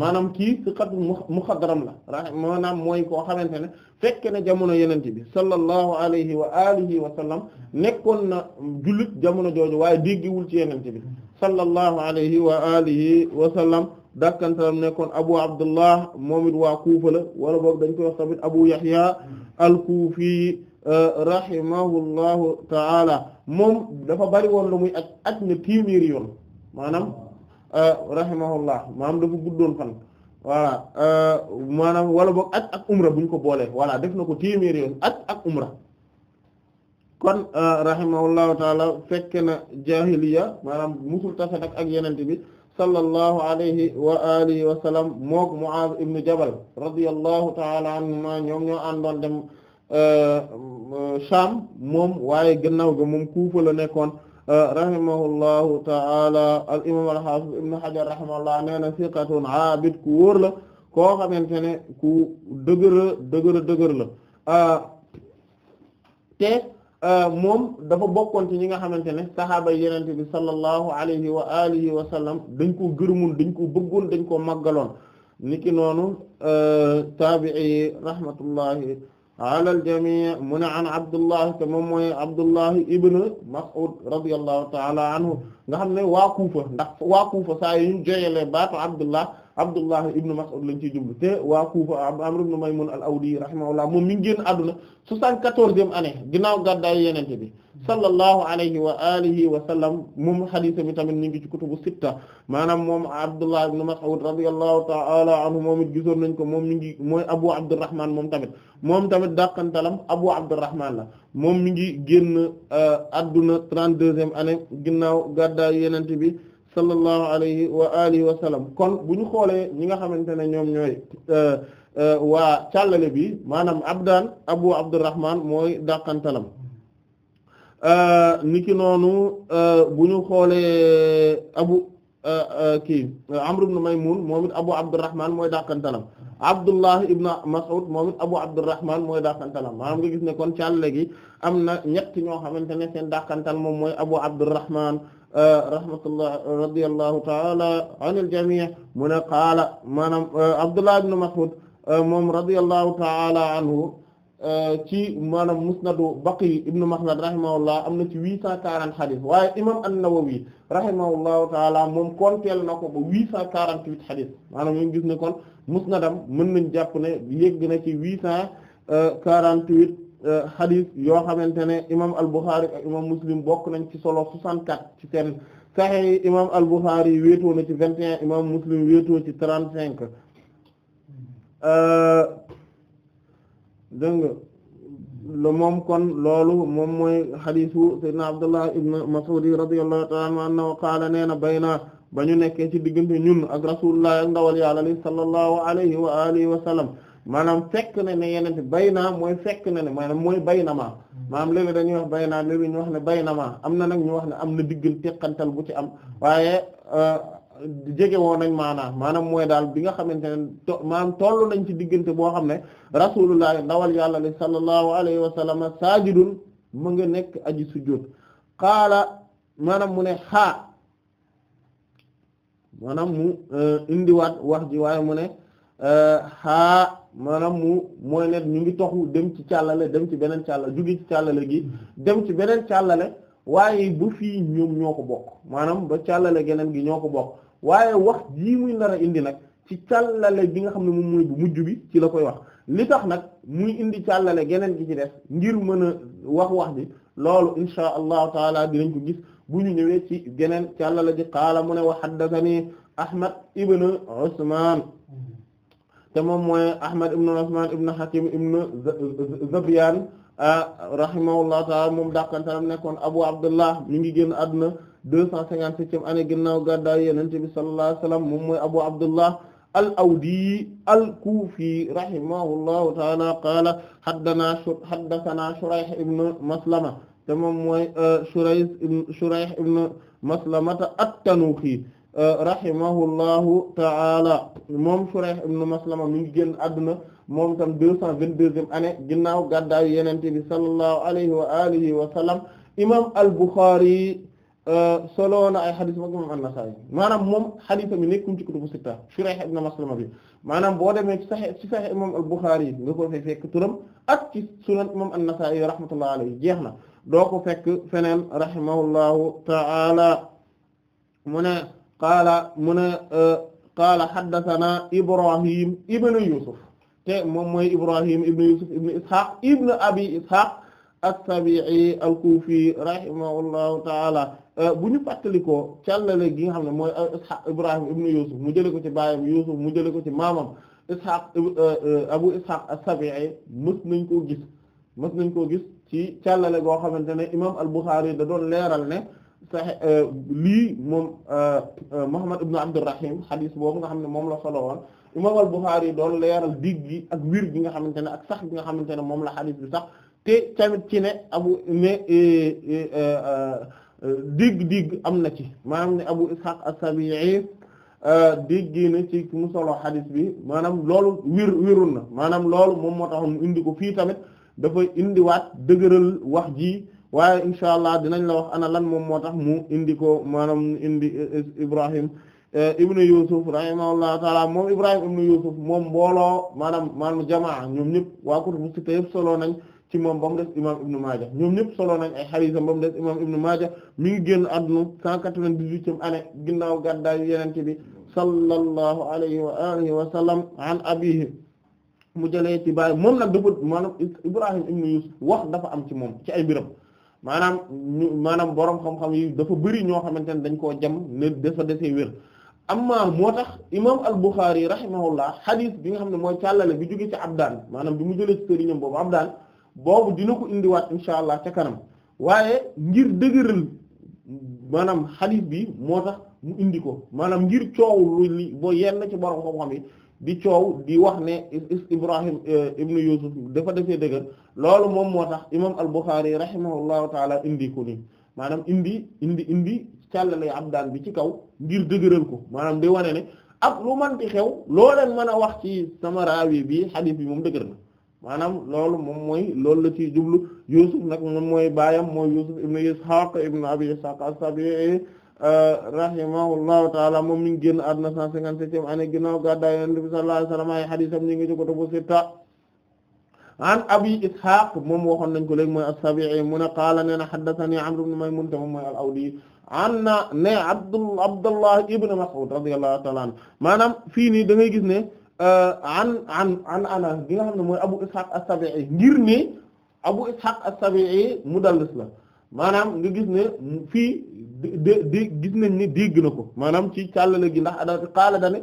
maanaam kii siqat muxadram la ra maanaam mooy koo xamante ne fekk na jamono yenente bi sallallahu alayhi wa alihi wa sallam nekkoon na jullit jamono jooju waaye déggewul ci yenente bi sallallahu alayhi wa alihi wa sallam dakkantalam nekkoon abu abdullah moom it waa Kuufa wala boobu dañ koy wax tamit abu yahya al-Kufi euh, rahimahullahu ta'ala moom dafa bari woon lu muy aj aj na téeméeri yoon maanaam Euh, rahimahullah maanaam dafa guddoon fan voilà euh, maanaam wala boog aj ak umra bu ko boolee voilà def na ko téeméeri yoon ak umra kon euh, rahimahullahu taala fekke na jahiliya maanaam musul tasa ak yenente bi sallallahu alayhi wa alihi wa sallam mook Mu'aaz ibn Jabal radiyallahu taala anhuma ñoom ñoo àndoon dem Sham moom waaye gannaaw ga moom Kuufa la nekkoon rahimahullahu ta'ala al imam al hafiz ibn hajar rahimahullah nee na abid ku wóor la koo xamante ne ku dëgër la dëgër dëgër la ah, te ah, moom dafa bokkoon ci ñi nga xamante ne saxaaba yenente bi sallallahu alayhi wa alihi wa sallam dañ koo gërëmoon dañ koo bëggoon dañ koo màggaloon niki noonu ah, taabi'i rahmatullahi alal jamii mu ne an Abdullahi te moom mooy Abdullahi Ibn Mas'ud radiyallahu ta'ala anhu nga xam ne waa Kufa ndax waa Kufa saa yu ñu jëlee baatu Abdullah Abdullah ibn Mas'ud lañ ciy jublu te waa Kufa Amr ibn Maymun al-Awdi rahimahullah moom mi ngi génn àdduna soixante-quatorzième année ginnaaw gàddaay yenente bi sallallahu alayhi wa alihi wa sallam moom hadith mi tamit ñu ngi ci kutubu sitta maanaam moom Abdullah ibn Mas'ud radiyallahu ta'ala anhu moom it gisoon nañ ko moom mi ngi mooy Abu Abdurrahman moom tamit moom tamit dàqantalam Abu Abdurrahman la moom mi ngi génn euh, àdduna trent deuxième année ginnaaw gàddaay yenente bi sallallahu alayhi wa alihi wa sallam kon bu ñu xoolee ñi nga xamante ne ñoom ñooy euh, euh, waa càllale bi maanaam abdaan abu abdurrahman mooy dàqantalam euh, niki noonu bu ñu xoolee abu kii amr ibn maymun moom it abu abdurrahman mooy dàqantalam abdullah ibn mas'ud moom it abu abdurrahman mooy dàqantalam maanaam nga gis ne kon càllale gi am na ñett ñoo xamante ne seen dàqantal moom mooy abu abdurrahman rahmatullah radiyallahu ta'ala anil jami' mu ne qaala maanaam eh, Abdullah ibn Mas'ud eh, moom radiyallahu ta'ala anhu eh, ci maanaam musnadu Baqi ibn Makhlad rahimahullah am na ci huit cent quarante xadis waaye imam an-Nawawi rahimahullahu ta'ala moom konteel na ko ba huit cent quarante-huit xadis maanaam ñu gis ne kon musnadam mën nañ jàpp ne yegg na ci huit cent quarante-huit xadis euh, yoo xamante ne imam al-Bukhari ak imam Muslim bokk nañ ci solo 64 ci seen Sahih imam al-Bukhari wéetoo na ci 21 imam Muslim wéetoo ci 35 euh, dégg nga le moom kon loolu moom mooy xadisu sayyidina Abdullah ibn Mas'ud radiyallahu ta'ala anhu qaala nee na bayna ba ñu nekkee ci diggante ñun ak Rasulullah ak ndawal yàlla li sallallahu alayhi wa alihi wa sallam maanaam fekk na ne yenente bay naa mooy fekk na ne maanaam mooy bay na maa maanaam léegi dañuy wax bay naa léegi ñu wax ne bay na am na nag ñu wax ne am na diggal teqantal bu ci am waaye euh, jege woon nañ maanaam maanaam mooy daal bi nga xamante ne to maanaam toll nañ ci diggante boo xam ne rasulullah ndawal yàlla li sallallahu alayhi wa sallam saajidun mu nga nekk aji sujjóot xaala maanaam mu ne xaa maanaam mu euh, indiwaat wax ji waaye mu ne xaa euh, maanaam mu mooy ne ñu ngi toxu dem ci càllale dem ci beneen càllale jóge ci càllale gi dem ci beneen càllale waaye ba fii ñoom ñoo ko bokk maanaam ba càllale geneen gi ñoo ko bokk waaye wax jii muy nar a indi nag ci càllale bi nga xam ne moom mooy bu mujj bi ci la koy wax li tax nag muy indi càllale geneen gi ci def ngir mën a wax wax bi loolu insha allahu taala dinañ ko gis bu ñu ñëwee ci geneen càllale ji qaala mu ne wa haddathani ahmad ibn usman te moom mooy Ahmad ibn Usman ibn Hakim ibn Zabyan rahimahullahu ta'ala moom dàqantaram nekkoon Abu Abdullah mi ngi génn àdduna deux cent cinquante-septième année ginnaaw gàddaay Yonent bi sallallahu alayhi wa sallam moom mooy Abu Abdullah al-Awdi al-Kufi rahimahullahu ta'ala qaala haddanaa haddathanaa Shurayh ibn Maslama te moom mooy Shurayh ibn Shurayh ibn Maslamata at-Tanuuxi rahimahullahu ta'ala moom Shurayh ibn Maslama mi ngi génn àdduna moom itam deux cent vingt-deuxième année ginnaaw gàddaayu Yonent bi sallallahu alayhi wa alihi wa sallam imam al-Bukhari euh, solo na ay xadis mag imam an-Nasa'i maanaam moom xadisam yi nekkum ci kutubu sitta Shurayh ibn Maslama bi maanaam boo demee ci Sahih ci Sahih imam al-Bukhari nga ko fay fekk turam ak ci sunan imam an-Nasa'i rahmatullahi alayhi jeex na doo ko fekk feneen rahimahullahu ta'ala mu ne qaala mu ne e, qaala haddathana Ibrahim ibn Yusuf te moom mooy Ibrahim ibn Yusuf ibn Ishaq ibn Abi Ishaq as-Sabi'i al-Kufi rahimahullahu ta'ala e, bu ñu fàttalikoo càllale gi nga xam ne mooy e, Ishaq Ibrahim ibn Yusuf mu jële ko ci baayam Yusuf mu jële ko ci maamam Ishaq Abu Ishaq as-Sabi'i mës nañ koo gis mës nañ koo gis ci càllale goo xamante ne imam al-Bukhari da doon leeral ne sax euh, lii moom euh, euh, Muhammad ibn Abdurrahim xadis boobu nga xam ne moom la solo woon imam al-Bukhari doon leeral dig gi ak wir gi nga xamante ne ak sax gi nga xamante ne moom la xadis bi sax te tamit ci ne abu ne digg-digg e, e, e, am na ci maanaam ne Abu Ishaq as-Sabi'i dégg na ci mu solo xadis bi maanaam loolu wir wirun na maanaam loolu moom moo tax mu indi ko fii tamit dafay indiwaat dëgëral wax ji. waaye insha allah dinañ la wax ana lan moom moo tax mu indi ko maanaam indi eh, eh, Ibrahim eh, ibnu Yusuf rahimahullahu taala moom Ibrahim ibnu Yusuf moom mbooloo maanaam maanaam jamaa ñoom ñëpp waa kutubu sitta yëpp solo nañ ci moom ba mu des imaam ibnu ñoom ñëpp solo nañ ay xadiisam ba mu des imaam ibnu Maaja mi ngi génn àdduna 198e année ginnaaw gàddaayu Yonent bi sallallahu alayhi wa alihi wa sallam an abihi mu jëlee ci moom nag dafa maanaam Ibrahim ibnu Yusuf wax dafa am ci moom ci ay mbiram. maanaam ñu maanaam borom xam-xam yi dafa bëri ñoo xamante ne dañ koo jam ne dafa desee wér amma moo tax imam al-Bukhari rahimahullah hadith bi nga xam ne mooy càllale bi jóge ci abdaan maanaam bi mu jëlee ci sëriñam boobu abdaan boobu dina ko indiwaat insha allah ca kanam waaye ngir dëgëral maanaam hadith bi moo tax mu indi ko maanaam ngir coow lu li boo yenn ci borom xam-xam yi di coow di wax ne Ibrahim eh, ibnu Yusuf dafa defee dëgër loolu moom moo tax imam al-Bukhari rahimahullahu taala indi ko nii maanaam indi indi indi càllale abdaan bi ci kaw ngir dëgëral ko maanaam di wane ne ak lu manti xew loo mën a wax ci sama raawi bi xadiis bi moom dëgër na maanaam loolu moom mooy loolu la ciy jublu Yusuf nag moom mooy baayam mooy Yusuf ibnu Ishaq ibnu Abi Ishaq as rahimahullahu taala moom mi ngi génn àdduna 157 année ginnaaw gàddaay Yonent bi sallallahu alayhi wa sallam ay hadiisam ñi ngi ci kutubu sitta an abi ishaq moom waxoon nañ ko léegi mooy as-Sabi'i mu ne qaala nee na haddathani Amr ibn Maymun moom mooy al-Awdi an na ne maanaam fii nii da ngay gis ne uh, an an nga xam ne mooy Abu Ishaq as-Sabi'i ngir ne Abu Ishaq as-Sabi'i mudallis la maanaam nga gis ne fii de gis nañ ni dégg na ko maanaam ci càllale gi ndax ada qaala dane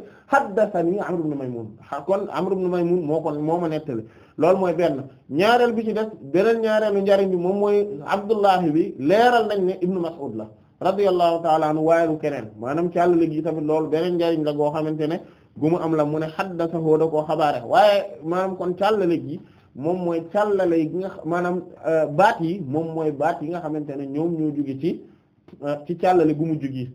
may Amr ibn Maymun kon Amr ibn Maymun moo kon moo ma nettali loolu mooy benn ñaareel bi ci des beneen ñaareelu njariñ bi moom mooy Abdullahi bi leeral nañ ne Ibn Mas'ud la radiyallahu ta'ala anhu waaye du keneen maanaam càllale gi tamit loolu beneen njariñ la goo xamante ne gu mu am la mu ne haddathahu da koo xabaare waaye maam kon càllale gi moom mooy càllale yi nga maanaam euh, baat yi moom mooy baat yi nga xamante ne ñoom ñoo jóge ci euh, ci càllale gu mu jógi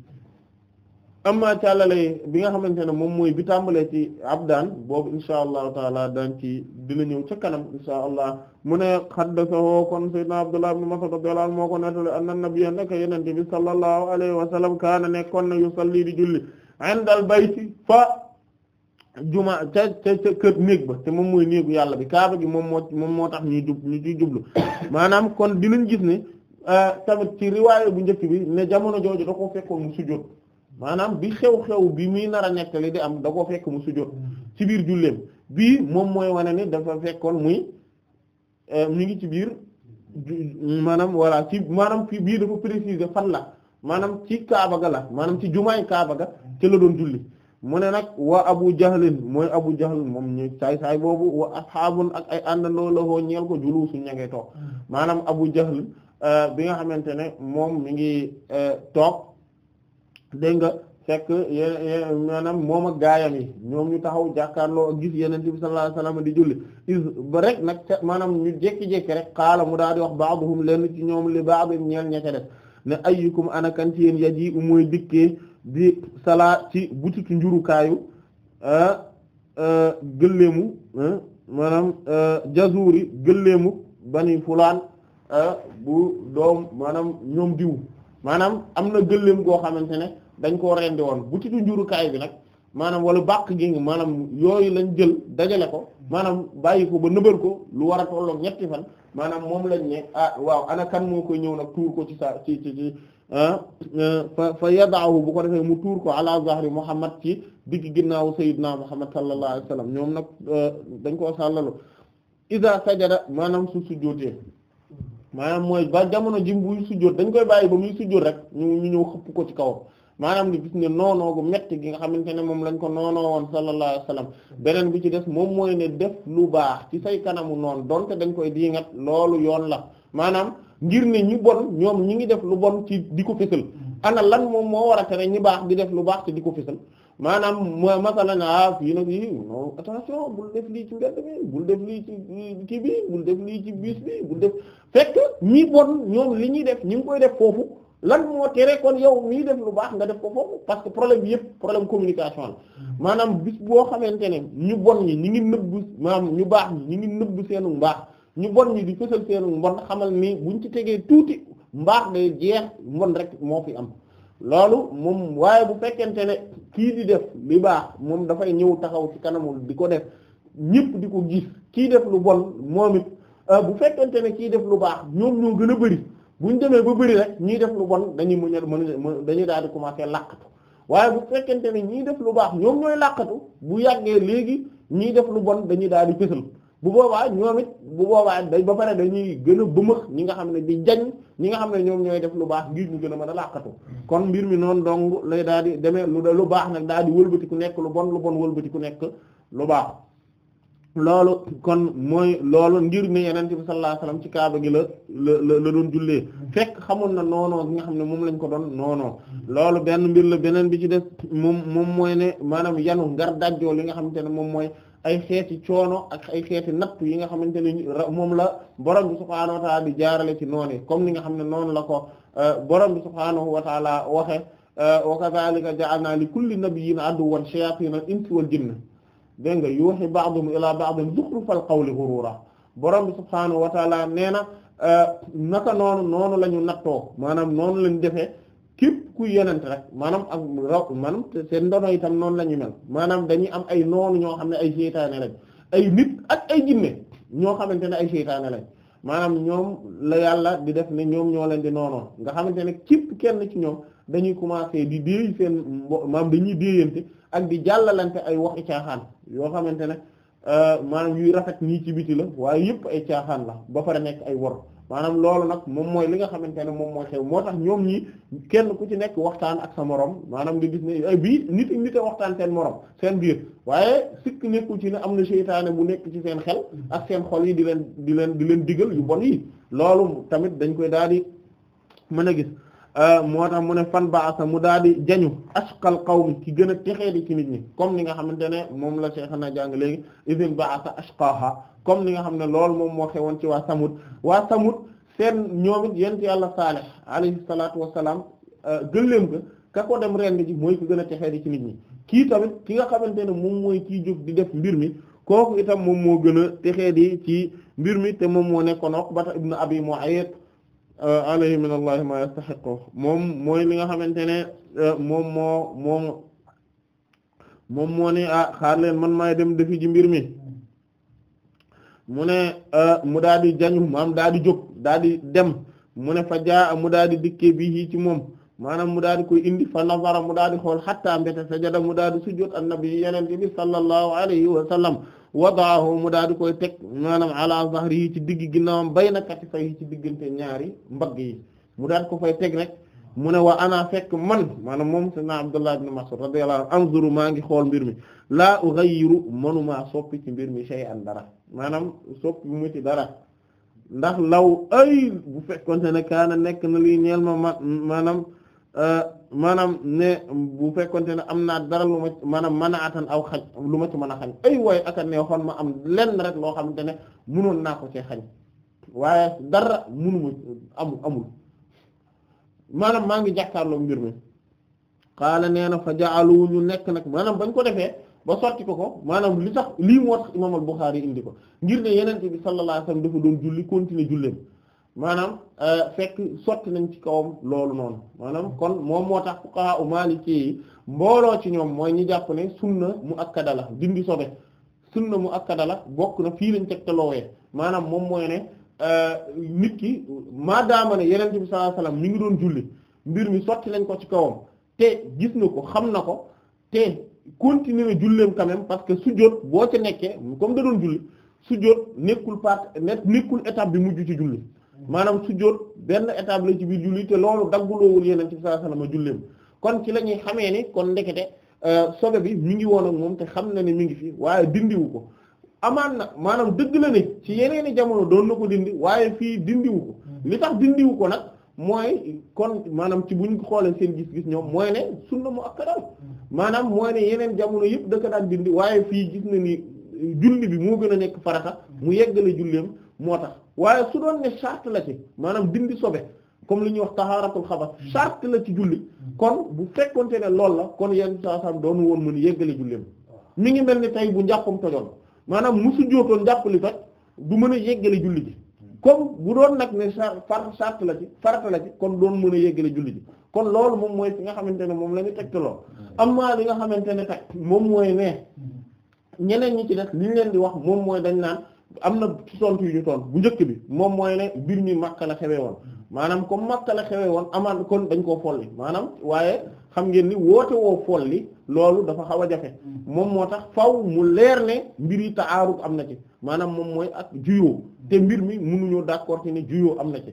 amma càllale bi nga xamante ne moom mooy bi tàmbalee ci abdaan boobu insha allahu taala daan ci dina ñëw ca kanam insha allah mu ne xaddasahu kon sayyidna abdullah ibn mas'ud radiyallahu anhu moo ko nettali anna nabiyya naka yenente bi sallallahu alayhi wa sallam kaana nekkoon na yusalli di julli indal bayti fa jumaa ca ca ca kër néeg ba te moom mooy néegu yàlla bi kaaba gi moom moo moom moo tax ñuy jub ñu ciy jublu maanaam kon di dinañ gis ne euh, tamit ci riwaaye bu njëkk bi ne jamono jooju da koo fekkoon mu sujjóot maanaam bi xew-xew bi muy nar a di am da koo fekk mu sujjóot ci biir julleem bii moom mooy wane ni dafa fekkoon muy euh, mu ngi ci biir maanaam voilà ci maanaam fii bii dafa préciser fan la maanaam ci kaaba ga la maanaam ci jumaay kaaba ga ca doon julli mu ne nag wa abu jahlin mooy abu jahl moom ñu saay saay boobu wa asxaabun ak ay àndandoo la woo ñeel ko julusu ña ngay toog hmm. maanaam abu jahl euh, bi nga xamante ne moom mi ngi euh, toog dégg nga fekk yenn maanaam moom ak gaayam yi ñoom ñu taxaw jàkkaarloo ak gis yeneen bi sallallahu alayhi wasallam di julli is ba rek nag maanaam ñu jékki-jékki rek xaala mu daal di wax baaduhum lenn ci ñoom li baadu ñeel ña ca def ne ayyukum ana kan ci yéen yaji mooy dikkee. bi salaa ci butitu njurukaayu gëléemu maanaam jazuri gëléemu bani fulaan bu doom maanaam ñoom diw maanaam am na gëléem goo xamante ne dañ koo rendi woon butitu njurukaay bi nag maanaam wala bàq gi maanaam yooyu lañ jël dajale ko maanaam bàyyi ko ba nëbal ko lu war a tollook ñetti fan maanaam moom lañ ne ah waaw ana kan moo koy ñëw nag tuur ko ci saa ci ci Ah, ah, fa fa yadaahu bu ko defee mu tuur ko ala zahri muhammad ci digg ginnaaw sayyidina muhammad sallallahu alayhi wa sallam ñoom nag ah, dañ koo sàllalu iza sajada maanaam su sujjóotee maanaam mooy ba jamono ji muy sujjóot dañ koy bàyyi ba muy sujjóot rek ñu ñu ñëw xëpp ko ci kaw maanaam li gis ne noonoo gu metti gi nga xamante ne moom lañ ko noonoo woon sallallahu alayhi wa beneen bi ci des moom mooy ne def lu baax ci say kanamu noonu donte dañ koy diingat loolu yoon la maanaam ngir ne ñi bon ñoom ñi ngi def lu bon ci di ko fësal mm. ana lan moom moo war a tere ñi baax di def lu baax ci di ko fësal maanaam ma masalan ah fii nag yi non attention bul def lii ci mbedd bi bul def lii ci kii bi bul def lii ci bus bi bul def fekk ñi bon ñoom li ñuy def ñi ngi koy def foofu lan moo tere kon yow mii def lu baax nga def ko foofu parce que problème bi yëpp problème communication la mm. maanaam bis boo xamante ne ñu bon ñi ñu ngi nëbb maanaam ñu baax ñi ñu ngi nëbb seenu mbaax ñu bon ñi di fësal seenu mbon xamal nii bu ñu ci tegee tuuti mbaax day jeex mbon rek moo fi am loolu moom waaye bu fekkente ne kii di def li moom dafay ñëw taxaw ci di ko def ñépp di ko gis kii def lu bon moom euh, bu fekkente ne kii def lu baax ñoom ñoo gën a bëri ñu demee ba bëri rek ñuy def lu bon dañuy muñal mën dañuy daal di commencer làqatu waaye bu fekkente ne ñii def lu baax ñoom ñooy làqatu bu yàggee léegi ñuy def lu bon dañuy daal di fësal bu boobaa ñoom bu boobaa day ba pare dañuy gën a bëmëx ñi nga xam ne bi jañ ñi nga xam ne ñoom ñooy def lu baax ngir ñu gën a mën a làqatu kon mbir mi noonu dong lay daal di demee lu da lu baax nag daal di wëlbati ku nekk lu bon lu bon wëlbati ku nekk lu baax loolu kon mooy loolu ngir ne yenente bi sallallahu alayhi wasallam ci kaaba gi la la la doon jullee fekk xamoon na noonoo bi nga xam ne moom lañ ko doon noonoo loolu benn mbir la beneen bi ci def moom moom mooy ne maanaam yanu ngar dajjoo li nga xamante ne moom mooy ay xeeti coono ak ay xeeti nattu yi nga xamante ne moom la borom bi subhaanahu wa taala jaarale ci noonu comme ni nga xam ne noonu la ko euh, borom bi subhaanahu wa taala waxe euh, wa kadhalika ja'alna li kulli nabiyyin aduwwan shayatin al insi wal jinn dégg nga yuhi ba'dhum ila ba'dhin zukhrufal qawli ghurura borom bi subhaanahu wa taala nee na euh, naka noonu noonu la ñu nattoo maanaam noonu lañu defee képp kuy yonent rek maanaam ak raw maanaam seen ndono itam noonu la ñu mel maanaam dañu am ay noonu ñoo xam ne ay seytaane lañ ay nit ak ay jinne ñoo xamante ne ay seytaane lañ maanaam ñoom la yàlla di def ne ñoom ñoo leen di noonoon nga xamante ne képp kenn ci ñoom dañuy commencer di déey seen mbo maanaam dañuy déeyante ak di jàllalante ay waxi caaxaan yoo xamante ne euh, maanaam yuy rafet nii ci biti la waaye yëpp ay caaxaan la ba pare nekk ay wor maanaam loolu nag moom mooy li nga xamante ne moom mooy xew moo tax ñoom ñi kenn ku ci nekk waxtaan ak sa morom maanaam nga gis ne bii nit nit a waxtaan seen morom seen biir waaye sikk nekkul ci ne am na seytaane bu nekk ci seen xel ak seen xol yi di leen di leen di leen digal yu bon yi loolu tamit dañ koy daal di mën a gis euh, moo tax mu ne fan baasa mu daal di jañu ashqal qawmi ci gën a texee di ci nit ñi comme ni nga xamante ne moom la Cheikh na jàng léegi idin baasa comme ni nga xam ne loolu moom moo xewoon ci waa Samud waa Samud seen ñoom it yent yàlla Saalih alayhi salaatu wassalaam euh, gëléem ga ka ko dem rend ji mooy ki gën a texee di ci nit ñi kii tamit ki nga xamante ne moom mooy kii jóg di def mbir mi kooku itam moom moo gën a texee di ci mbir mi moom moo nekkoon Uqbata ibn Abi Mu'ayt euh, alayhi min allahi ma yastaxiqu moom mooy li nga xamante ne euh, moom moo moom moom moo ne ah xaar leen man maay dem defi ji mbir mi mu ne ah, mu daal di jañu maanaam daal di jóg daal di dem mu ne fa jaa mu daal di dikkee bii ci moom maanaam mu daal di koy indi fa nazara mu daal di xool xatta mbéte sajada mu daal di sujjóot annabi yenente bi sallallahu alayhi wa sallam wadaahu mu daal di koy teg maanaam ala zahri yi ci digg ginnaawam bayna katifay yi ci diggante ñaari mbagg yi mu daal ko fay teg rek mu ne wa ana fekk man maanaam moom sayyidina Abdullah ibn Mas'ud radiyallahu anhu anzuru maa ngi xool mbir mi laa ughayyiru mënumaa soppi ci mbir mi shay'an dara maanaam mu ci dara ndax law ay bu fekkoon ne kaana nekk na lii ñeel ma ma maanaam euh, maanaam ne bu fekkoon ne am naa dara lu ma maanaam mën a atan aw xaj lu ma ci mën a xañ ay way aka neexoon ma am lenn rek loo xamante ne mënoon naa ko ci xañ waaye dara mënuma amul amul maanaam maa ngi jàkkaarloo mbir mi xaala nee na fa jaalu ñu nekk nag maanaam bañ ko defee ba sotti ko ko maanaam li tax lii moo tax imaam al indi ko ngir ne yenente bi sallallahu alayhi wasallam dafa doon julli continuer julleem maanaam euh, fekk sotti nañ ci kawam loolu noonu maanaam kon moom moo tax fuqaha u mbooloo ci ñoom mooy ñi jàpp ne sunna mu akkada la dindi sobe sunna mu akkada la bokk na fii lañ teg te maanaam moom mooy ne euh, nit ki maadaama ne yenente bi sallallahu alayhi doon julli mbir mi sotti nañ ko ci kawam te gis na ko xam na ko te continuer na julleem quand même parce que sujjóot boo ci nekkee comme da doon julli sujjóot nekkul part nekkul étape bi mujj ci julli maanaam sujjóot benn étape la ci biir julli te loolu dagguloowul yeneen ci sallallahu alayhi wasallam julleem kon ci la ñuy xamee ni kon ndekete euh, sobe bi mu ngi woon moom te xam na ne mu ngi fii waaye dindiwu ko amaan na maanaam dëgg la ne ci yeneeni jamono doon na ko dindi waaye fii dindiwu ko hmm. li tax dindiwu ko nag mooy kon maanaam ci buñ xoolee seen gis-gis ñoom mooy ne la mu akkadal maanaam mooy ne yeneen jamono yëpp da ko daan dindi waaye fii gis na ni euh, julli bi moo gën a nekk farata mu yeggale julleem moo tax waaye su doon ne charte la ci maanaam dindi sobe comme li ñuy wax tahaaratul xabar charte la ci julli kon bu fekkonte ne lool la kon yenn saa doon woon mën yeggale julleem mi ngi mel ni tey bu njàppam tojoon maanaam musu jootoon njàpp li faj du mën a yeggale julli ji comme bu doon nag ne far sart la ci farata la ci kon doon mën a yeggale julli ji kon loolu moom mooy fi nga xamante ne moom la ñu tegtaloo hmm. am na li nga xamante ne moom mooy ne hmm. ñeneen ñi ci def li di wax moom mooy dañ naan am na ci tontu yu ñu tontu bu njëkk bi moom mooy ne mbir mi Makka la xewee woon hmm. maanaam comme Makka la xewee woon amaan kon dañ koo folli maanaam waaye xam ngeen ni woote woo folli loolu dafa xaw a jafe moom moo tax faw mu leer ne mbir yi taaruf am na ci maanaam moom mooy ak juyoo te mbir mi mënuñoo d'accord ci ne juyoo am na ci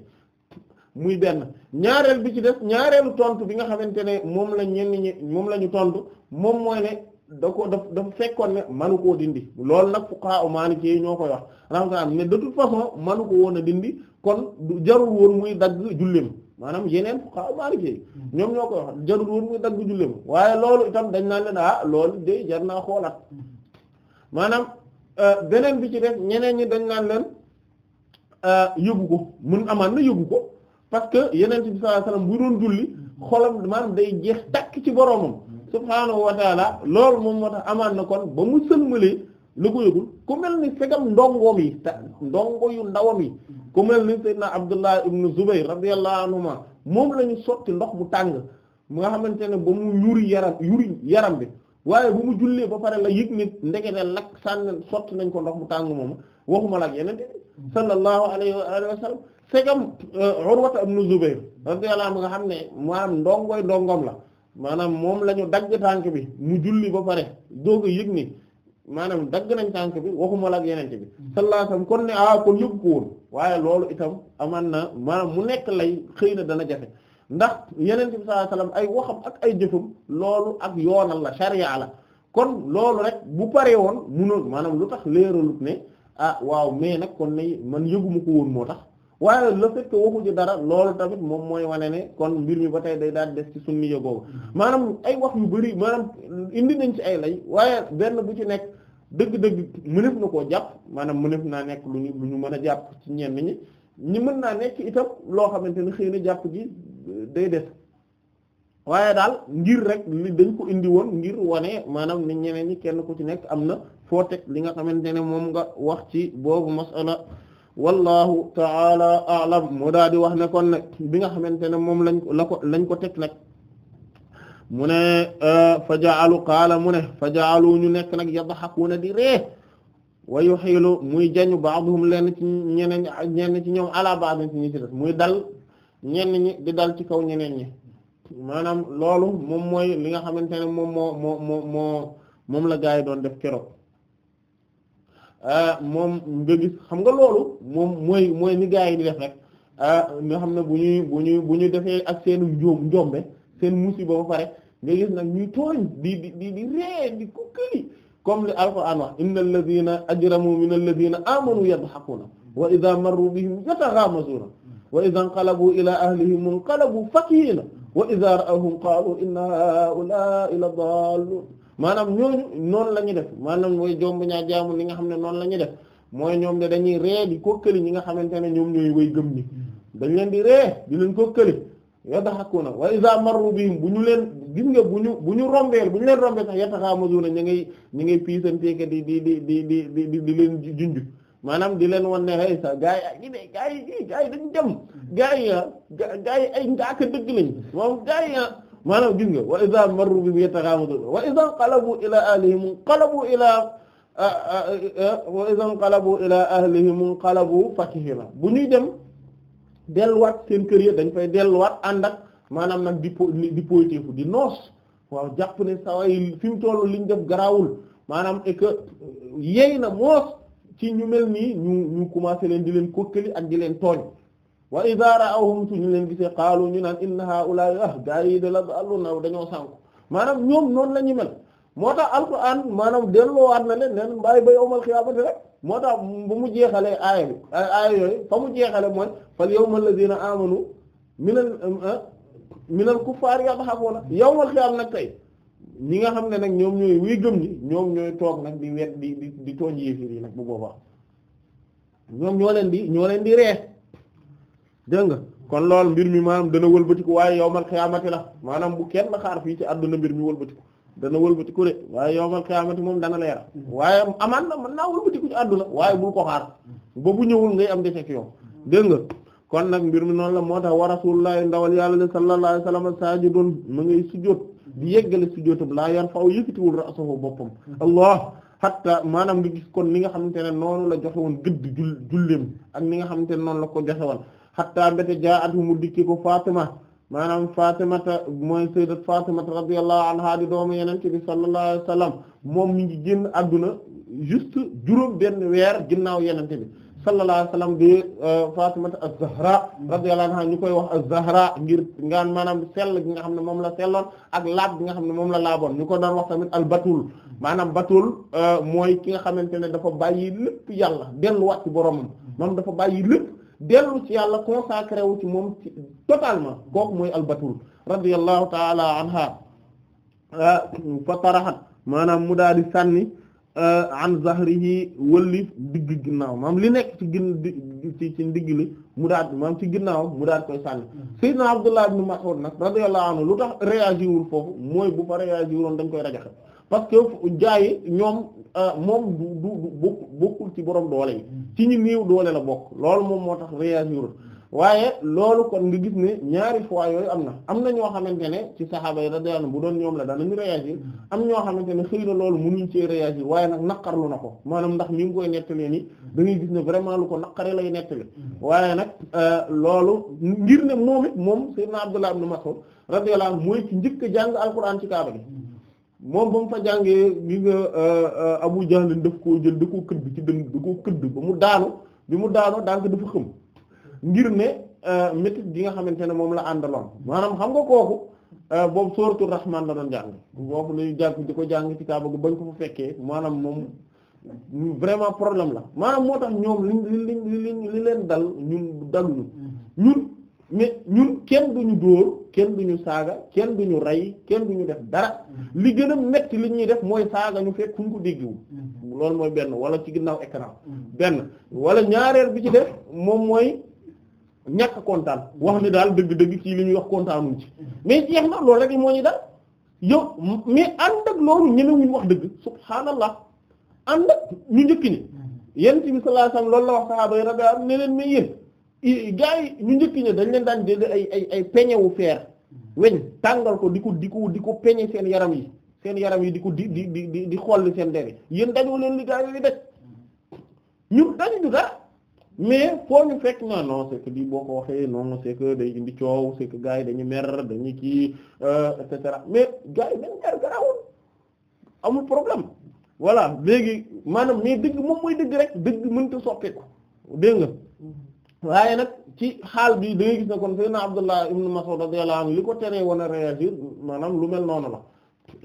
muy benn ñaareel bi ci def ñaareelu tontu bi nga xamante ne moom la ñenn ñi moom la ñu tontu moom mooy ne da ko daf dafa fekkoon ne manu koo dindi lool nag fuqahaa Maaliki yi ñoo koy wax maanaam ne de toute manu ko woon a dindi kon jarul woon muy dagg julleem maanaam yeneen fuqahaa Maaliki yi ñoom ñoo koy wax jarul woon muy dagg julleem waaye loolu itam dañ naan leen ah loolu de jar naa xoolaat maanaam. Euh, beneen bi ci def ñeneen ñi dañ naan leen euh, yóbbu ko mun amaan na yëgu ko parce que yeneen bi sallallahu alayhi wasallam bu doon julli xolam maanaam day jeex takk ci boroomam subhaanahu wa taala loolu moom moo tax amaan na kon ba mu sëlmalee la ko yëgul ku mel ni fegam ndongoom yi te ndongo yu ndawam yi ku mel ni sayyidina Abdullah ibn Zubayr radiyallahu anhuma moom la sotti ndox bu tàng mu nga xamante ne ba mu yuri yaram yuri yaram bi waaye bu mu jullee ba pare la yëg nit ndekete lakk sànn sotti nañ ko ndox mu tàng moomu waxuma la ak yeneen sallallahu alayhi wa alihi wa sallam segam euh, Urwata nga xam ne maanaam ndongoy ndongom la maanaam moom la dagg tànk bi mu julli ba pare doog a ni maanaam dagg nañ tànk bi waxuma la ak bi sallallahu alayhi wa sallam kon ne ah kon yëg ko woon waaye loolu itam amaan na maa mu nekk lay xëy na dana jafe ndax yeneen bi sallallahu alayhi wasallam ay waxam ak ay jëfam loolu ak yoonal la sharia la kon loolu rek bu paree woon munoon maanaam lu tax leeralut ne ah waaw mais nag kon ne man yëguma ko woon moo tax waaye le fait que waxu ci dara loolu tamit moom mooy wane ne kon mbir mi ba tey day daal des ci sunni ya maanaam ay wax yu bari maanaam indi nañ ci ay lay waaye benn bu ci nekk dëgg-dëgg mënef na koo jàpp maanaam mënef naa nekk lu ñu lu ñu mën a jàpp ci ñenn ñi ñi mën naa nekk itam loo xamante ne xëy na jàpp gi day des waaye daal ngir rek dañ ko indiwoon woon ngir wane maanaam ni ñeneen ñi kenn ku ci nekk am na foo teg li nga xamante ne moom nga wax ci boobu masala wallahu taala alam moo daal di wax ne kon nag bi nga xamante ne moom lañ ko la ko lañ ko teg nag mu ne euh, fa jaalu qaala mu ne fa jaalu ñu nekk nag yadhakuuna di ree wa yuxiilu muy jañu baaduhum lenn ci ñeneen ñenn ci ñoom ala baadin ci ñi ci des muy dal ñenn ñi di dal ci kaw ñeneen ñi maanaam loolu moom mooy li nga xamante ne moom moo moo moo moo moom la gaa yi doon def keroog ah, moom nga xam nga loolu moom mooy mooy ni gaa yi di def rek ah, nga xam ne bu ñuy bu ñuy bu ñu defee ak seen njoom njombe seen musiba ba pare nga gis nag ñuy tooñ di di di di ree di kukkali comme li alquran wax inna alladhina ajramu min alladhina amanu yadhakuna wa idha marru bihim yataghamazuna wa idha inqalabu ila ahlihim inqalabu fakihiina wa idha ra'awhum qaalu inna haa'ulaa'i ladaalluun maanaam ñooñu noonu la ñuy def maanaam mooy jombu ñaa jaamu li nga xam ne noonu la ñuy def mooy ñoom de dañuy ree di kokkali ñi nga xamante ne ñoom ñooy way gëm ñi dañ leen di ree di leen ko kokkali yadhakuna wa idha marru bihim bu ñu leen gim nga bu ñu bu ñu rombeel bu ñu leen rombeel sax yataxaamasuna ñu ngay ñu ngay piisanteeka di di di di di di di leen junj maanaam di leen wan ne ay sa gaa yi ay gaa yi gaa yi dañu dem gaa yi ah dëgg lañ moom gaa maanaam gis nga wa idha marru bi yataghamadu wa idha qalabu ila ahlihim qalabu ila wa idha qalabu ila ahlihim qalabu fakihina bu ñuy dem delluwaat seen kër ya dañ fay delluwaat ànd maanaam nag di po di poyteefu noos waaw jàpp ne saa waay fi mu toll liñ def garaawul maanaam et na moos. ci ñu mel nii ñu ñu commencé leen di leen kokkali ak di leen tooñ wa idha ra'awhum suñu leen gisee qaalu ñu naan inna ha'ula'i ah gaa yi de la allunaw dañoo sànku maanaam ñoom noonu la ñu mel moo tax alquran maanaam delloowaat na leen leen bàyyi ba yawmal xiyaamati rek moo tax ba mu jeexalee aaya bi aaya yooyu fa mu jeexale mooy fal yawmal ladina amanu minal ah, minal kuffaari yadhakuuna yawmal xiyaam nag tey ñi nga xam ne nag ñoom ñooy wéy gëm ñi ñoom ñooy toog nag di wet di di di tooñ yéefir yi nag bu boobaa ñoom ñoo leen di ñoo leen di ree dégg nga kon loolu mbir mi maanaam dana wëlbatiku waaye yowmal xiyaamati la maanaam bu kenn xaar fii ci àdduna mbir mi wëlbatiku dana wëlbatiku de waaye yowmal xiyaamati moom dana leera waaye amaan na naa wëlbatiku ci àdduna waaye bul ko xaar ba bu ñëwul ngay am déception dégg nga kon nag mbir mi noonu la moo tax wa rasulullahi ndawal yàlla sallallahu alayhi wasallam sajidun mu ngay sujjóot bi di yeggale sujjóotam laa yarfa'u yëkkatiwul ra'sahu boppam allah hatta maanaam nga gis kon ni nga xamante ne noonu la joxe woon gëdd jul julleem ak ni nga xamante ne noonu la ko joxe woon hatta mbete jaa at mu dikki ko Fatima maanaam Fatimata mooy sayyidat Fatimata radiyallahu anha di doomu Yonent bi sallallahu alayhi wasallam moom mi ngi génn àdduna juste juróom benn weer ginnaaw Yonent bi sallallahu alayhi wa sallam bi euh, Fatima az-Zahra radiyallahu anha ñu koy wax az-Zahra ngir ngaan maanaam sell gi nga xam ne moom la selloon ak laab bi nga xam ne moom la laaboon ni ko doon wax tamit al-batul maanaam batul euh, mooy ki nga xamante ne dafa bàyyi lépp yàlla delluwaat ci boromam moom dafa bàyyi lépp dellu ci yàlla consacré wu ci moom ci totalement kooku mooy al-batul radiyallahu ta'ala anha euh, fa maanaam mu daal di sànni. Euh, an zahrihi li digg ginnaaw maam li nekk ci gin ci ci ndigg li mu daat maam ci ginnaaw mu daat koy sànni hmm. sayyidna Abdullah ibn Mas'ud nag radiyallahu anhu lu tax réagir wul foofu mooy bu fa réagir woon dañ koy rajaxe parce que jaayi ñoom euh, moom du du bokkul ci borom doole yi hmm. ci ñu néew doole la bokk loolu moom moo tax réagir waaye loolu kon nga gis ne ñaari fois yooyu am na am na ñoo xamante ne ci saxaaba yi radiyallahu anhum bu doon ñoom la danañu réagir am ñoo xamante ne xëy na loolu mënuñ cee réagir waaye nag naqarlu na ko maanaam ndax mi ngi koy nettalee ni da ngay gis ne vraiment lu ko naqare lay nettali waaye nag euh, loolu ngir ne moom it moom sayyidna Abdullah ibn Mas'ud radiyallahu anhu mooy ci njëkk a jàng alquran ci kaaba gi moom ba mu fa jàngee gi nga euh, euh, Abu Jahl daf koo jël da koo ci dënn da koo ba mu daanu bi mu daanoo daanaka dafa xëm ngir ne euh, métit gi nga xamante ne moom la àndaloon maanaam xam nga kooku euh, boobu sooratu rahman la doon jàng boobu lañu jàng di ko jàng ci kaaba gu bañ ko fa fekkee maanaam moom vraiment problème la maanaam moo tax ñoom li li li li leen dal ñun daluñu ñun mais ñun kenn duñu dóor kenn duñu saaga kenn duñu rey kenn duñu def dara li gën a metti li ñuy def mooy saaga ñu fekk fu ñu ko déggiwu loolu mooy benn wala ci ginnaaw écran benn wala ñaareel bi ci def moom mooy ñàkk kontaan wax ni daal dëgg-dëgg ci li ñuy wax kontaanuñ ci mais jeex na loolu rek moo ñu dal yow mais ànd ak loolu ñemewuñ wax dëgg subhaanallah ànd ak ñu njëkk ñi yent bi sallallahu alayhi wasallam loolu la wax sahaaba yi rabia ne leen mais yéen gars yi ñu njëkk ñi dañ leen daan déd ay ay ay peñe wu feer weñ tàngal ko di ko di ko di ko peñe seen yaram yi seen yaram yi di ko di di di di xolli seen deri yéen dañoo leen li gars yi def ñun dañu dara mais foo ñu fekk na non c'est que boo ko waxee noonu c'est que day indi coow c'est que gars yi dañu mer dañu kii euh, et cetera mais gars yi dañu mer garaawul amul problème voilà léegi maanaam mais dëgg moom mooy dëgg rek dëgg mënta soppi ko dégg nga mm-hmm. waaye nag ci xaal bi da ngay gis na kon Seydina Abdullah ibn Mas'ud radiyallahu anhu li ko teree woon a réagir maanaam lu mel noonu la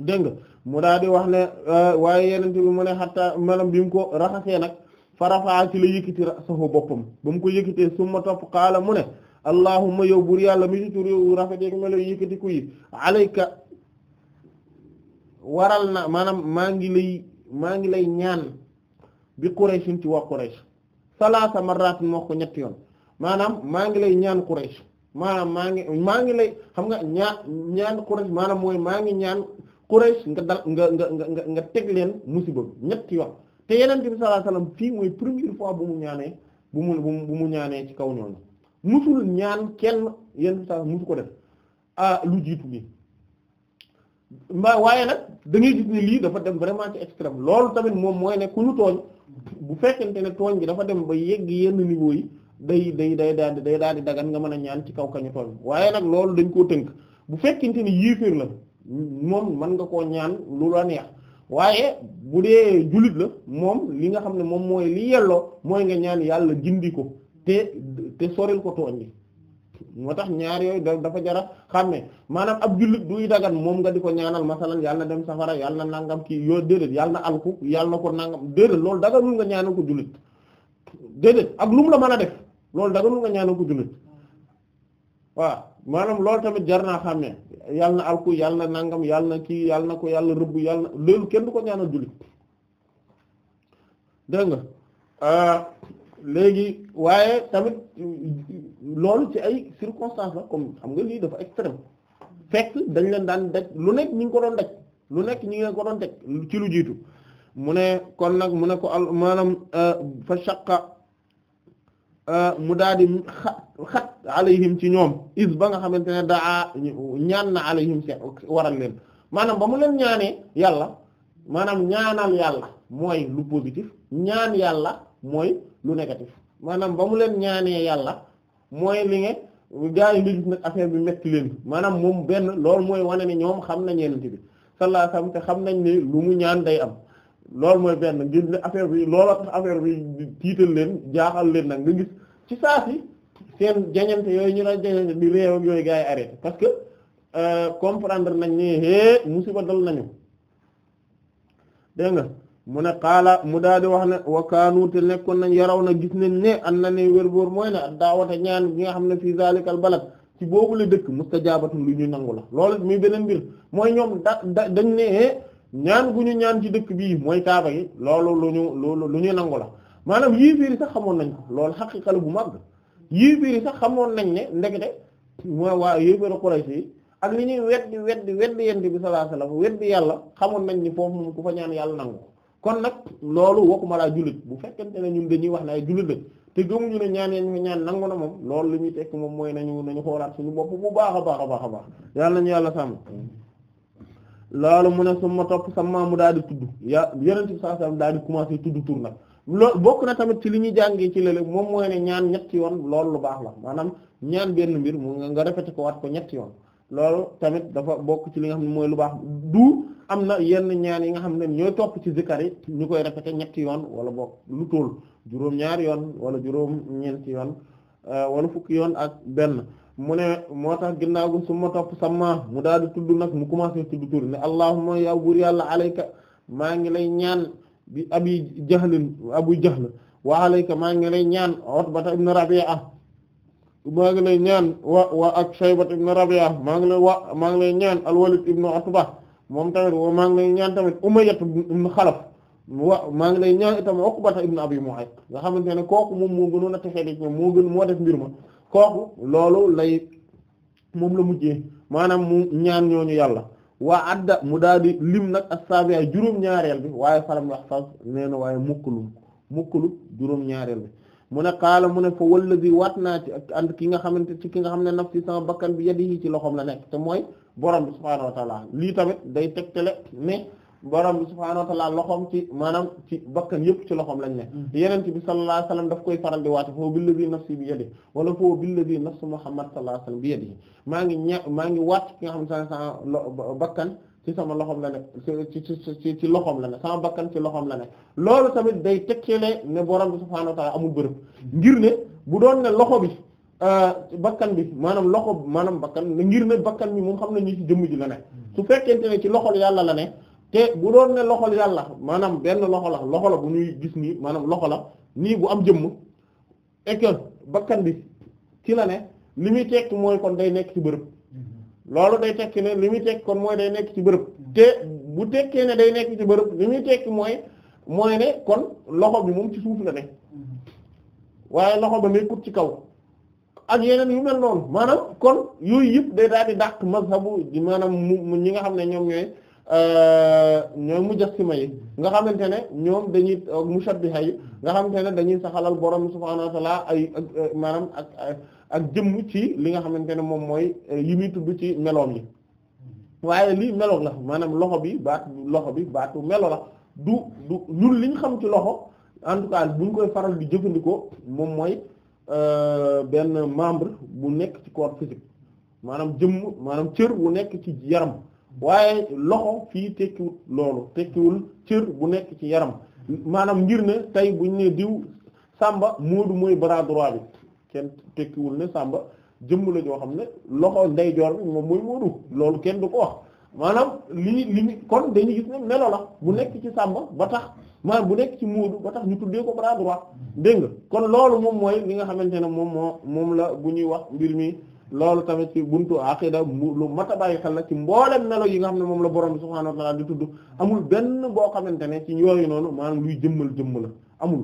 dégg nga mu daal di wax ne euh, waaye yeneen bi mu ne xataa maanaam bi mu ko raxasee nag farafaa ci la yëkkati saxu boppam ba mu ko yëkkatee summa topp kaala mu ne allahumma yow buur yàlla mi ci turu rafet ak melo yëkkati ku yi alayka waral na maanaam maa ngi lay maa ngi lay ñaan bi Quraysh ci wa Quraysh salaasa marratin wax ko ñetti yoon maanaam maa ngi lay ñaan Quraysh maanaam maa ngi maa ngi lay xam nga ñaa ñaan Quraysh maanaam mooy maa ngi ñaan Quraysh nga dal nga nga nga nga teg leen musiba ñetti yoon te yeneen bi sallallahu alayhi fii mooy première fois bu mu ñaanee bu mu bu mu ñaanee ci kaw ñooñu musul ñaan kenn yenente bi sallallahu musu ko def ah lu jiitu bi mbaa waaye nag da ngay gis lii dafa dem vraiment ci extrême loolu tamit moom mooy ne ku ñu tooñ bu fekkente ne tooñ bi dafa dem ba yegg yenn niveau yi day day day day daal di dagan nga mën a ñaan ci kaw kañu tooñ waaye nag loolu dañ koo tënk bu fekkente ne yéeféer la moom mën nga koo ñaan lu la neex waaye bu dee jullit la moom li nga xam ne moom mooy li yelloo mooy nga ñaan yàlla jindi ko te te soril ko tooñ bi moo tax ñaar yooyu dafa jara xam ne maanaam ab jullit duy dagan moom nga di ko ñaanal masalan yàlla na dem safara yàlla na nangam kii yoo déedéet yàlla na alku yàlla ko nangam déedéet loolu daganul nga ñaanal ko jullit déedéet ak lu la mën a def loolu daganul nga ñaanal ko jullit waaw maanaam loolu tamit jar naa xàmmee yàlla na alku yàlla na nangam yàlla na kii yàlla na ko yàlla rëbb yàlla na loolu kenn du ko a jullit dégg nga ah, léegi waaye tamit loolu ci ay circonstances la comme xam nga lii dafa extrême fekk dañ leen daan daj lu nekk ñi ngi ko doon daj lu nekk ñi ngi ko doon daj ci lu jiitu mu ne kon nag mu ne ko al maanaam ah, fa shaqa Euh, mu daal di xat xat alayhim ci ñoom is ba nga xamante ne daa ñaan na alayhim seen waral leen maanaam ba mu leen ñaanee yàlla maanaam ñaanal yàlla mooy lu positif ñaan yàlla mooy lu négatif maanaam ba mu leen ñaane yàlla mooy li nga gaa yi nga gis affaire bi metti leen maanaam moom benn lool mooy wane ne ñoom xam nañ yenente bi sallallahu alayhi te xam nañ ne lu mu ñaan day am loolu mooy benn ngir ne affaire bi looloo tax affaire bi tiital leen jaaxal leen nag nga ci saa si seen jañante yooyu ñu la jañante di yooyu gars yi arrêté parce que euh, comprendre nañ ne é nañu dégg nga mu ne xaala mu daal di wax ne wakaanu te nekkoon nañ yaraw na gis nañ ne an na ne wér-boor mooy ne daawata ñaan nga xam ne fii zalikal balad ci boobule dëkk mustajaabatu lu ñu nangu la loolu muy beneen mbir mooy ñoom da da dañ ne ñaan gu ñu ñaan ci dëkk bii mooy kaaba yi loolu lu ñu lu ñu nangu la maanaam yéeféer yi xamoon nañ ko loolu xaqiqa la bu mag yéeféer yi sax xamoon nañ ne ndekete mooy waa yéeféeru Quraysh yi ak li ñuy weddi weddi weddi yent bi sallallahu alayhi wasallam weddi yàlla xamoon nañ ni foofu moom ku fa ñaan yàlla nangu kon nag loolu waxuma laa jullit bu fekkente ne ñun dañuy wax ne ay jullit la te gëmuñu ne ñaan yañ fa ñaan nangu na moom loolu li ñuy tekk moom mooy nañu nañu xoolaat suñu bopp bu baax a baax a baax a baax yàlla yàlla loolu mu ne suma topp sama mu daal di tudd ya yeneen ci saa saa daal di commencé tudd tur nag loolu bokk na tamit ci li ñu jàngee ci léeg moom mooy ñaan ñetti yoon loolu lu baax la maanaam ñaan benn mbir mu nga répété ko waat ko ñetti yoon loolu tamit dafa bokk ci li nga xam ne mooy lu baax du am na yenn ñaan yi nga xam ne ñooy topp ci zikar yi ñu koy répété ñetti yoon wala bokk lu tool juróom-ñaari yoon wala juróom-ñeenti yoon euh, wala fukki yoon ak benn. mu ne moo tax ginnaaw gi su ma topp sama mu daal di tudd nag mu commencé tudd tur ne allahumma yow buur yàlla alayka maa ngi lay ñaan bi abi jahlin abu jahl wa alayka maa ngi lay ñaan utbata ibn rabi'a maa ngi lay ñaan wa wa ak shaybata ibn rabi'a maa ngi lay maa ngi lay ñaan alwalid ibn utba moom tamit wa maa ngi lay ñaan tamit umayyah ibn xalaf wa maa ngi lay ñaan itam uqbata ibn abi mu'ayt nga xamante ne kooku moom moo gënoon a texee dik moo gën moo def mbir ma kooku loolu lay moom la mujjee maanaam mu ñaan ñooñu yàlla waa adda mu daal di lim nag ak saabiya juróom-ñaareel bi waaye faram wax fas nee na waaye mukkalum mukkalum juróom-ñaareel bi mu ne kaala mu ne fa bi waat naa ci ak ànd ki nga xamante ci ki nga xam ne nafsi sama bakkan bi yadi yi ci loxoom la nekk te mooy borom bi subhaanahu wa lii tamit day tegtale ne borom bi subhaanahu wa ta'ala loxoom ci maanaam ci bakkan yëpp ci loxoom lañ ne mm. yeneen bi sallallahu alayhi wasallam daf koy faral di waate foo billazi nafsi bi yadihi wala foo billazi nafsu muhammad sallallahu alayhi wasallam bi yadihi maa ngi ña maa ngi waat ki nga xam ne sama bakkan ci sama loxoom la ne ci ci ci loxoom la ne sama ci loxoom la ne loolu tamit day tekkele ne borom bi subhaanahu wa ta'ala amul mm. ngir ne bu doon ne loxo bi euh, bakkan bi maanaam loxo maanaam bakkan ngir ne bakkan bi moom xam nañu ci jëmm ji la ne mm. su ci loxol yàlla la ne te bu doon ne loxol yàlla maanaam loxo la loxo la bu ñuy gis nii maanaam loxo la nii bu am jëmm et que bakkan bi ci la ne li muy tekki mooy kon day nekk ci bërëb mhm. loolu day tekki ne li muy tekki kon mooy day nekk ci bërëb te bu tekkee ne day nekk ci bërëb li muy tekki mooy mooy ne kon loxo bi moom ci suuf la ne mhm. waaye loxo ba nekkut ci kaw ak yeneen yu mel noonu maanaam kon yooyu yëpp day daal di dàq mazhabu maanaam mu ñi nga xam ne ñoom ñooy Euh, ñooy mujassima may nga xamante ne ñoom dañuy mushabbiha yi nga xamante ne dañuy saxalal borom subhaanahu wa ta'aala ay maanaam ak ak jëmm ci li nga xamante ne moom mooy euh, yi muy tudd ci meloom yi waaye lii melo la maanaam loxo bi baat loxo bi baatu melo la du du ñun liñ xam ci loxo en tout cas buñ koy faral di jëfandikoo moom mooy euh, benn membre bu nekk ci corps physique maanaam jëmm maanaam cër bu nekk ci yaram. waaye loxo fii tekkiwul loolu tekkiwul cër bu nekk ci yaram maanaam ngir ne tey buñ ne diw sàmba moodu mooy bras droit bi kenn tekkiwul ne sàmba jëmm la joo xam ne loxo ndeyjoor bi moom mooy moodu loolu kenn du ko wax maanaam lii li kon dañuy gis ne melo la bu nekk ci sàmba ba tax maanaam bu nekk ci moodu ba tax ñu tuddee ko bras droit nga kon loolu moom mooy li nga xamante ne moom moo moom la bu ñuy wax mbir mi loolu tamit ci buntu aqida lu mat a bàyyi xel la ci mboolem melo yi nga xam ne moom la borom bi subhaanahu wa di tudd amul benn boo xamante ne ci yooyu noonu maanaam luy jëmmal jëmm la amul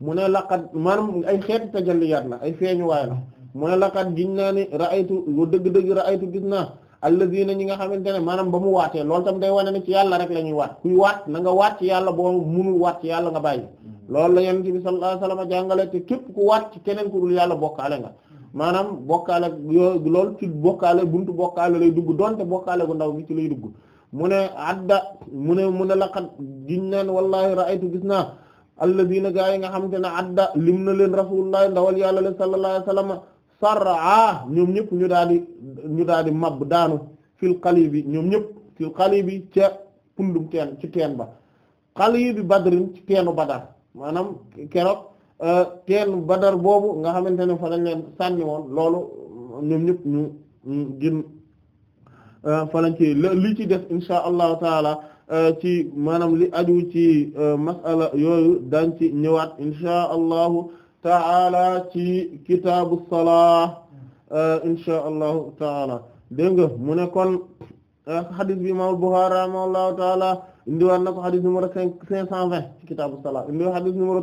mu ne laqad maanaam ay xeetu tajalliyaat la ay feeñuwaay la ne laqad giñ naa ni ra'aytu lu dëgg-dëgg ra'aytu gis naa allazina ñi nga xamante ne maanaam ba mu waatee loolu tam day wane ne ci yàlla rek la ñuy waat kuy waat na nga waat ci yàlla boo munul waat ci yàlla nga bàyyi mm-hmm. loolu la yonent bi sallallahu alayhi wasallam jàngale te képp ku waat ci keneen ku yàlla bokkaale nga maanaam bokkaale ak ci bokkaale buntu bokkaale lay dugg donte bokkaale gu ndaw gi ci lay dugg mu ne adda mu ne mu ne laqad giñ naan wallahi ra'aytu gis naa alladina gaa yi nga xamante ne adda lim na leen rasulullah ndawal yàlla leen sallallahu alayhi wasallam sarra ñoom ñëpp ñu daal di ñu daal di mab daanu fil qalibi ñoom ñëpp fil qalibi ca pundum teen ci teen ba qalibi badrin ci teenu badar maanaam keroog teen euh, badar boobu nga xamante ne fa lañ leen sànni woon loolu ñoom ñëpp ñu gën euh, fa ci li ci def insha allahu taala euh, ci maanaam li aju ci masala yooyu dañ ci ñëwaat insha allahu taala ci kitaabu salaa insha allahu taala dégg nga mu ne kon xadis bi imam Bukhari rahimahullahu taala indiwaat na ko xadis numéro cinq cinq cent vingt ci kitaabu salaat indi xadis cinq xadis numéro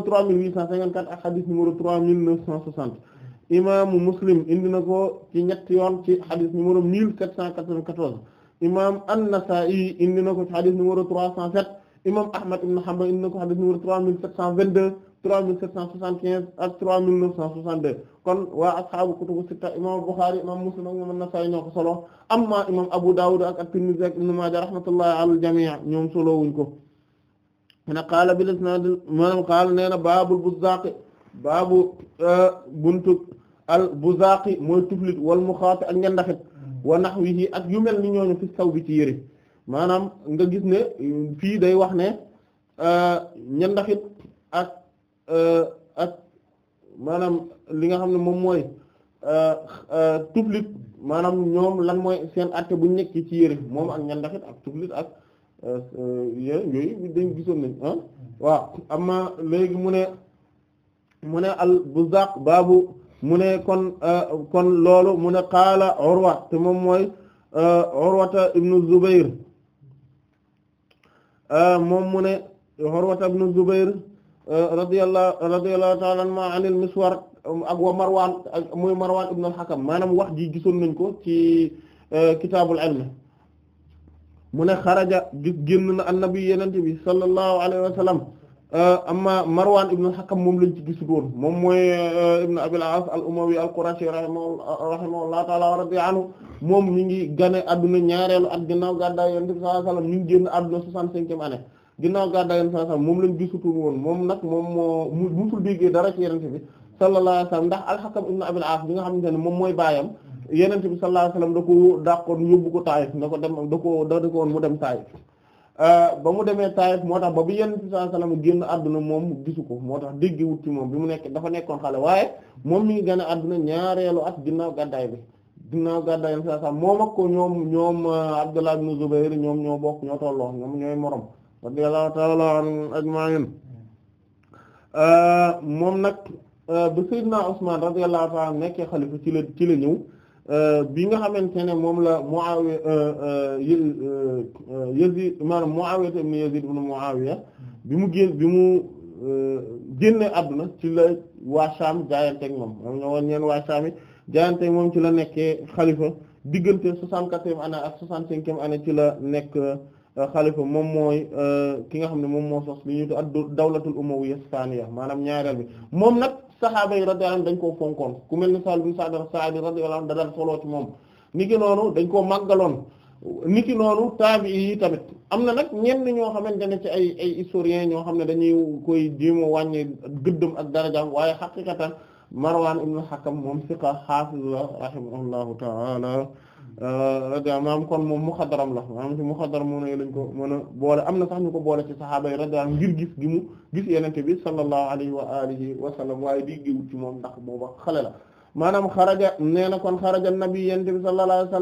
trois muslim indi na ci ñetti yoon ci xadis numéro mille sept cent quatre-vingt-quatorze imaam an-Nasaa'i indi na ko ci xadis numéro trois ibn Hanbal na ko xadis numéro trois 3775 ak 3962 kon waa ashaabu kutubu sitta imam Bukhari imam Muslim ak imam Nasa'i ñoo ko solo amma imam Abu Dawud ak at ak Ibn Maaja rahmatullahi ala al-jami' ñoom solo wuñ ko na qaala bil isnaad maanaam qaala nee na baabul buzaaqi baabu euh, buntu al buzaaqi mooy tuflit wal muxaati ak ngendaxit wa nahwihi ak yu mel ni ñooñu fi saw bi ci yëre maanaam nga gis ne fii day wax ne euh, ñendaxit Euh, ak maanaam li nga xam ne moom mooy euh, euh, tuflit maanaam ñoom lan mooy seen atte bu nekk ci yére moom ak ñandaxit ak tuflit ak yooyu dañ gisoon nañ ah waaw amma léegi mu ne mu ne al Buzzaq baabu mu ne kon kon loolu mu ne qaala Urwa te moom mooy Urwata ibnu Zubayr moom mu ne Urwata ibnu Zubayr radiyallahu radiyallahu ta'ala anhuma anil Miswar ak wa Marwan ak muy Marwan ibn al-Hakam maanaam wax ji gison nañ ko ci euh, kitaabul ilm mu ne xaraja gis génn na annabi yonent bi sallallahu alayhi wa sallam euh, amma Marwan ibn al-Hakam moom lañ ci gisul woon moom mooy euh, ibn Abil As al-Umawi al-Qurashi rahimahullahu ta'ala wa radiya moom mi ngi gane adduna ñaareelu at ginnaaw gàddaay yonent bi sallallahu alayhi wa sallam mi génn adduna soixante-cinquième année ginnaaw gàddaay yonent sallallahu moom lañ gisutul woon moom nag moom moo musul déggee dara ci yonent bi sallallahu alayhi ndax al-Hakam ibn Abul As bi nga xamante ne moom mooy baayam yonent bi sallallahu alayhi wasallam da ko dàqoon yóbbu ko Taayif na ko dem da ko da ko mu dem Taayif euh, ba mu demee Taayif moo tax ba bi yonent bi sallallahu alayhi wasallam génn àdduna moom gisu ko moo tax déggewut ci moom bi mu nekk dafa nekkoon xale waaye moom mi ngi gën a àdduna ñaareelu at ginnaaw gàddaay bi ginnaaw gàddaay yonent sallallahu alayhi ak ko ñoom ñoom euh, Abdullah ibn Zubayr ñoom ñoo bokk ñoo tolloo ñoom ñooy morom radiyallahu ta'ala anhum hmm. euh, moom nag euh, ba Seydina Usman radiyallahu ta'ala nekkee xalifa ci la ci la ñëw euh, bi nga xamante ne moom la Muawiya Yazid maanaam Muawiya ibn Yazid ibn Muawiya hmm. bi mu génn bi mu génne na ci la waa Sham jaayanteeg moom moom ñoo woon ñeen waa Sham moom ci la nekkee xalifa diggante soixante-quatrième année ak soixante-cinquième année ci la nekk xalifa moom mooy euh, ki nga xam ne moom moo sos li ñuy ad dawlatul umawiyya saaniya maanaam ñaareel bi moom nag saxaaba yi radiyallahu anhum dañ koo fonkoon ku mel ne Sahl ibn Sa'd as-Sa'idi radiyallahu anhu da daan moom niki noonu dañ koo màggaloon niki noonu taabi'i yi tamit am na nag ñenn ñoo xamante ne ci ay ay historiens ñoo xam ne dañuy koy jéem a wàññi gëddëm ak darajaam waaye xaqiqatan Marwan ibn al moom siqa xaafiz la rahimahullahu ta'ala radiyallahu euh, maanaam kon moom muxadaram la maanaam ci muxadaram moo ne ko mën a boole am na sax ñu ko boole ci saxaaba yi radiyallahu ngir gis gi mu gis yenente bi sallallahu alayhi wa alihi wa sallam waaye di giwut ci moom ndax booba xale la maanaam xaraja nee na kon xaraja nabi yenente bi sallallahu alayhi wa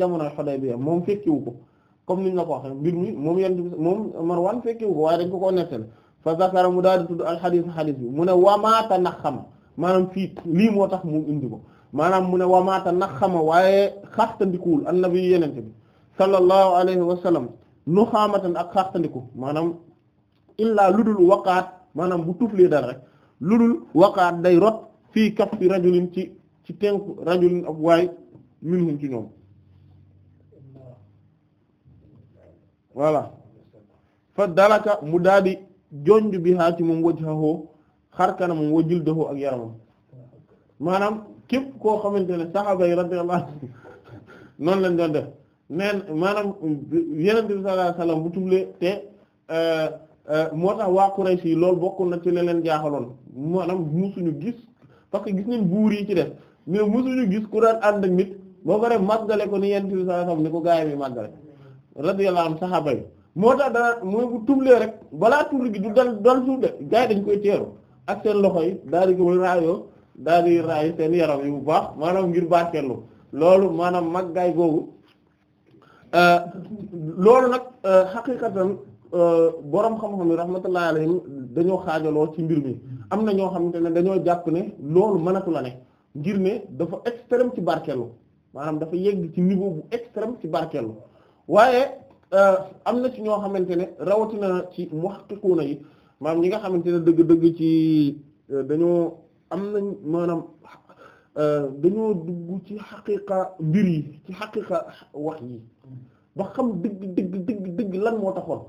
sallam génn moom fekkiwu ko comme niñ la ko waxee mbir mi moom yenente bi moom Marwan fekkiwu ko waaye dañ ko koo nettali fa zakara mu daal di tudd al xadiis xadiis bi mu ne wamaata naxama maanaam fii lii moo tax mu indi ko maanaam mu ne wamaata nag xama waaye xaxtandikuwul annabi yenente bi sallallahu alayhi wa sallam nu xaamatan ak xaxtandiku maanaam illaa ludul waqaat maanaam bu tuflee dara rek ludul waqaat day rot fii kaffi rajulin ci ci tenku rajulin ak waay minhum ci ñoom voilà fa dalaka mu daal di jonj bi haa ci moom wajhahu xar kanam wajildahu ak yaramam maanaam képp koo xamante ne saxaaba yi radiyallahu noonu lañ doon def neen maanaam yeneen bi sallallahu alayhi wasallam bu tublee te euh, euh, moo tax waa Quraysh yi lool bokk na ci leen jaaxaloon maanaam musuñu gis parce que gis nañ buur yi ci def mais musuñu gis ku daan ànd ak nit boo ko def màggale ko ni yeneen bi sallallahu alayhi wasallam ni ko gaay mi màggale radiyallahu anhu moo tax dana mooy bu tublee rek balaa tur gi du dal dal suuf de gaay dañ koy teeru ak seen loxo yi daal di koy raayoo daal di raay seen yaram yu bu baax maanaam ngir barkeelu loolu maanaam màggaay googu euh, loolu nag euh, xaqiqatan euh, borom xam-xam yi rahmatullahi alayhim dañoo xaajaloo ci mbir mi am na ñoo xamante ne dañoo jàpp ne loolu mënatu la ne ngir ne dafa extrême ci barkeelu maanaam dafa yegg ci niveau bu extrême ci barkeelu waaye am na ci ñoo xamante ne rawatina ci muhaqqiquna yi maam ñi nga xamante ne dëgg-dëgg ci dañoo. am nañ maanaam euh, dañoo dugg ci xaqiqa mbir yi ci xaqiqa wax yi ba xam dëgg dëgg dëgg dëgg lan moo taxoon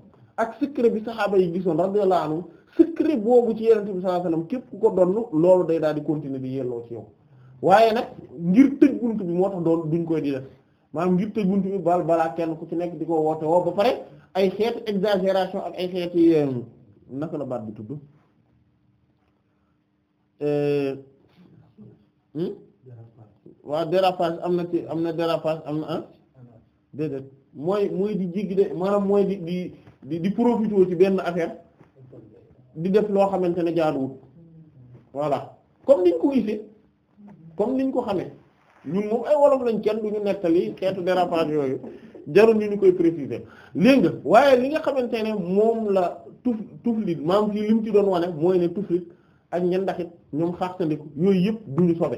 ak secret bi saxaaba yi gisoon radiyallahu anhu secret boobu ci yenente bi sallallahu alayhi wasallam képp ku ko donn loolu day daal di continuer di yelloo ci yow waaye nag ngir tëj bunt bi moo tax doon duñ koy di def maanaam ngir tëj bunt bi balaa kenn ku ci nekk di ko woote woo ba pare ay xeetu exagération ak ay xeeti euh, naka la baat bi tudd Euh, hmm? waa dérapage am na ci am na dérapage am na ah déedéet mooy mooy di jiggi de mooy di di di di profité ci benn affaire di def loo xamante ne jaaduwul voilà comme niñ ko gisee comme niñ ko xamee ñun moom ay wolof lañ kenn du ñu nettali xeetu dérapage yooyu jarul ñu ñu koy préciser léegi nga waaye li nga xamante ne moom la tuf tuflit maam fii li mu ci doon wane mooy ne tuflit ak ñendaxit ñoom xaartandiku yooyu yëpp duñu sobe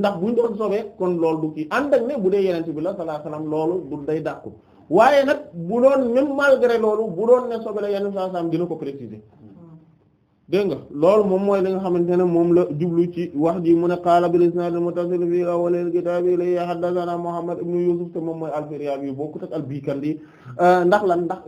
ndax buñ doon sobee kon loolu du kii ànd bu dee yenente bi la sallallahu alayhi wasallam loolu du day dàqu waaye nag bu doon même malgré loolu bu doon ne sobe la yeneen sallallahu alayhi wasallam dina ko préciser dégg nga loolu moom mooy li nga xamante ne moom la jublu ci wax ji mu ne qaala bil isnaad al muttasil fii awwalil kitaab li haddathana Muhammad ibn Yusuf te moom mooy al-Firyaabi bokkut te al-Bikandi ndax lan ndax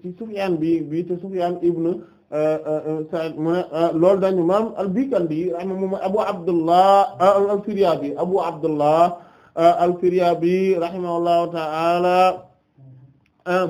ci Sufyaan bi bi te Sufyaan ibn Euh, euh, euh, Saïd mu loolu dañu maam al-Bikandi rahimahullah Abu Abdullah al-Firyabi Abu Abdullah al-Firyabi rahimahullahu ta'ala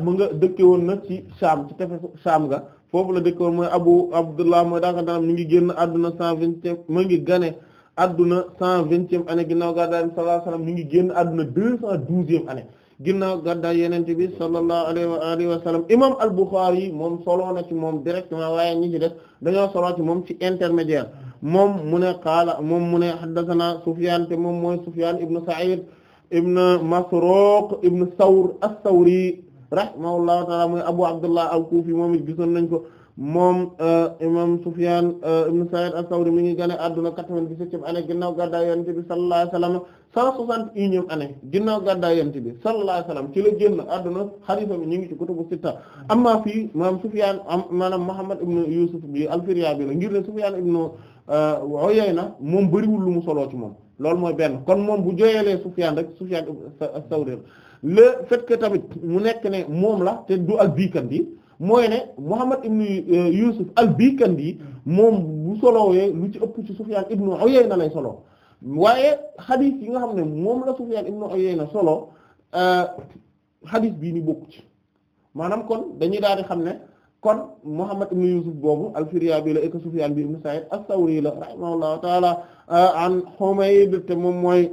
mu nga dëkke woon na ci Saam ci tefesu Saam nga foofu la dëkke woon mooy Abu Abdullah mooy daanaka daanam mi ngi génn àdduna cent vingtième mu ngi gane àdduna cent vingtième année ginnaaw ga daal sallallahu alayhi wasallam mi ngi génn àdduna deux cent douzième année ginnaaw gàddaay yenente bi sallallahu alayhi wa alihi wa sallam imam al-Bukhari yi moom solo na ci moom directement waaye ñi ci def dañoo soloo ci moom ci intermédiaire moom mu ne qaala moom mu ne haddathana Sufyan te moom mooy Sufyan ibn Sa'id ibn Masruq ibn Thawr as-Thawri rahimahullahu ta'ala mooy Abu Abdullah al-Kufi moom it gisoon nañ ko moom euh, imam Sufyan euh, ibn Sa'id as-Sawri mi ngi gane adduna quatre vingt dix ginnaaw gàddaay yonent bi sallallahu alayhi wasallam cent soixante-unième année ginnaaw gàddaay yonent bi sallallahu alayhi wasallam ci la génn adduna ñu ngi ci kutubu sitta amma fii maam Sufyan am maanaam Muhammad ibn Yusuf bi al-Firyabi la ngir ne Sufyan ibn euh, na moom bëriwul lu mu soloo moom loolu mooy benn kon moom bu joyelee Sufyan rek Sufyan as-Sawri la fait que tamit mu nekk ne moom la te du ak biikan bi mooy ne Muhammad ibn euh, Yusuf al-Bikandi moom bu solowee lu ci ëpp ci Sufyan ibn na lay solo waaye xadis yi nga xam ne moom la Sufyan ibn na solo euh, xadis bii ni bokk ci maanaam kon dañuy daal di xam ne kon Muhammad ibn Yusuf boobu al-Firyabi la ek Sufyan bi ibn Sa'id as-Sawri la rahimahullahu ta'ala euh, an Humayd te moom mooy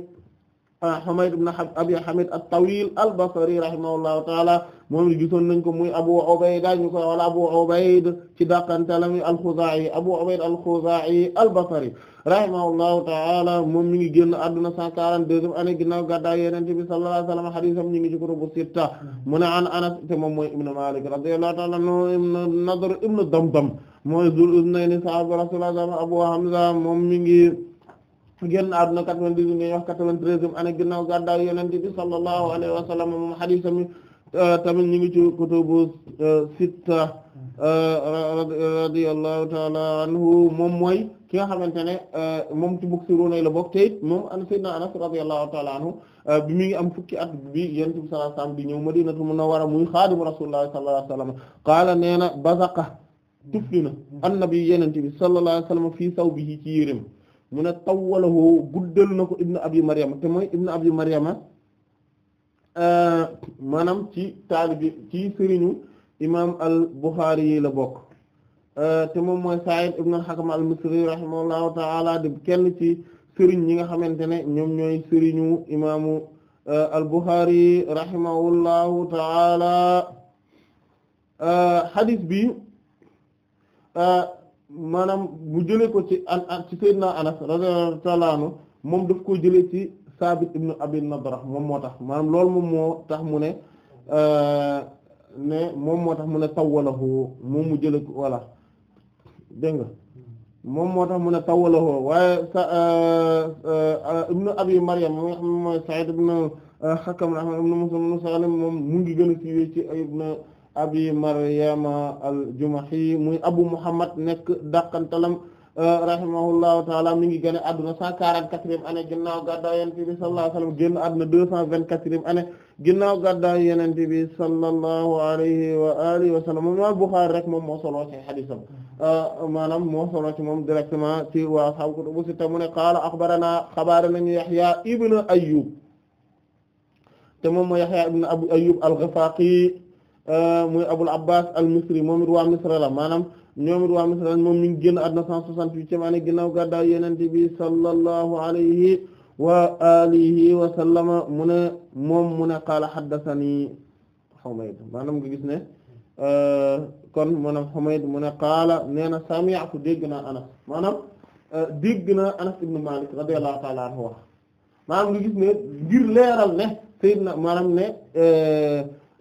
Humayd ibn Abi Hamid at-Tawil al-Basri rahimahullahu taala moom i gisoon nañ ko muy Abu Ubayda ñu ko wala Abu Ubayd ci dàqantalami al-Khuzaa'i Abu Ubayd al-Khuzaa'i al-Basri rahimahullahu taala moom mi ngi génn adduna cent quarante-deuxième année ginnaaw gàddaay Yonent bi sallallahu alayhi wa sallam hadiisam ñi ngi ci kutubu sitta mu ne an Anas te moom mooy ibn Malik radiyallahu taala anhu ibn Nadr ibn Damdam mooy Zul Uznayni sahabu Rasulullah Abu Hamza moom mi ngi génn àdduna 98 ngay wax 93e année ginnaaw gàddaay Yonent bi sallallahu alayhi wa moom hadiis mi euh, tamit ñu ngi ci kutubu euh, sitta euh, radiyallahu ta'ala anhu moom mooy ki nga xamante ne moom ci muksiruuna la bokk te it moom an sayyidina Anas radiyallahu ta'ala anhu bi mi am fukki at bi Yonent bi sallallahu alayhi wa sallam di ñëw Madinatu Munawwara muy xaadimu Rasuulullah sallallahu alayhi wa sallam qaala nee na bazaqa tufli na annabi Yonent bi sallallahu alayhi wa ci yéreem mu ne tawwalahu guddal na ko ibnu abi maryama te mooy ibnu abi maryama euh, maanaam ci taalibi ci sëriñu imam al Bukhari la bokk euh, te moom mooy Sa'id ibn al-Hakam al-Misri rahimahullahu ta'ala di kenn ci sëriñ ñi nga xamante ne ñoom ñooy sëriñu imaamu euh, al Bukhari rahimahullahu ta'ala hadith bi maanaam mu jëlee ko ci an ci Seydina Anas radiyallahu ta'ala anhu moom daf koo jëlee ci Saabit ibn Abi Nadra moom moo tax maanaam loolu moom moo tax mu ne euh, ne moom moo tax mu ne tawwalahu moom mu jëlee ko voilà dégg nga moom moo tax mu ne tawwalahu waaye euh, euh, ibn Abi Maryam moo xam ne mooy Sa'id ibn Hakam ibn Muslim ibn Salim moom mu ngi gën a siiwee ci ibn abi maryama al-jumahi muy abu muhammad nekk dàqantalam euh, rahimahullahu taala mi ngi gën a adduna cent quarante-quatrième année ginnaaw gàddaay yenente bi sallallahu alayhi wa sallam génn adduna deux cent vingt-quatrième année ginnaaw gàddaay yenente bi sallallahu alayhi wa sallam moom imaam Bukhari rek moom moo soloo ci hadiisam euh, moom directement ci waa ashaabu kutubu sitta mu ne qaala axbaranaa xabaara nañu Yahya ibn Ayyub te moom mo Yahya ibn Abu Ayyub al-Ghafaqi Euh, muy Abul Abbas al-Misri moom it waa Misra la maanaam ñoom it waa Misra moom mi ngi génn àdduna 168e année ginnaaw gàddaay Yonent bi sallallahu alayhi wa alihi wa sallama mu moom mu ne qaala haddathani Humayd maanaam nga gis euh, kon maanaam Humayd mu qaala nee na sami'tu dégg naa Anas maanaam euh, dégg Anas ibn Malik radiyallahu ta'ala anhu wax maanaam nga ngir leeral ne Seydina maanaam ne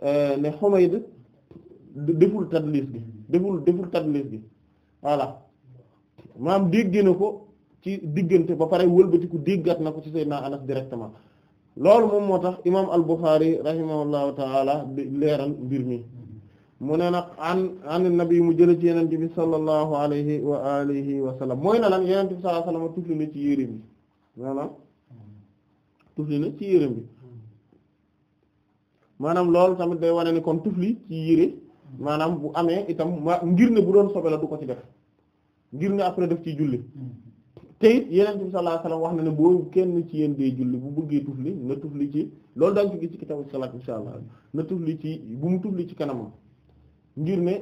ne euh, Humayd deful tadlis bi deful deful tadlis bi voilà maam dégg ko ci diggante ba pare wëlbatiku déggat na ko ci Seydina Anas directement loolu moom moo tax imaam al-Bukhari rahimahullahu taala di leeral mbir mi mu ne nag an an nabi mu jële ci yenente bi sallallahu alayhi wa alihi wa sallam mooy na lan yenente bi sallallahu alayhi wa sallam na ci yéreem bi maanaam na ci yéreem bi maanaam loolu tamit day wane ni kon tufli ci yére maanaam bu amee itam ngir ne bu doon sobe la du ko ci def ngir ne après def ci julli te it yeneen bi sallallahu alayhi wax na ne boo kenn ci yéen dee julli bu bëggee tufli na tufli ci loolu daañu ko gis ci kitabu salaat allah na tufli ci bu mu ci kanamam ngir ne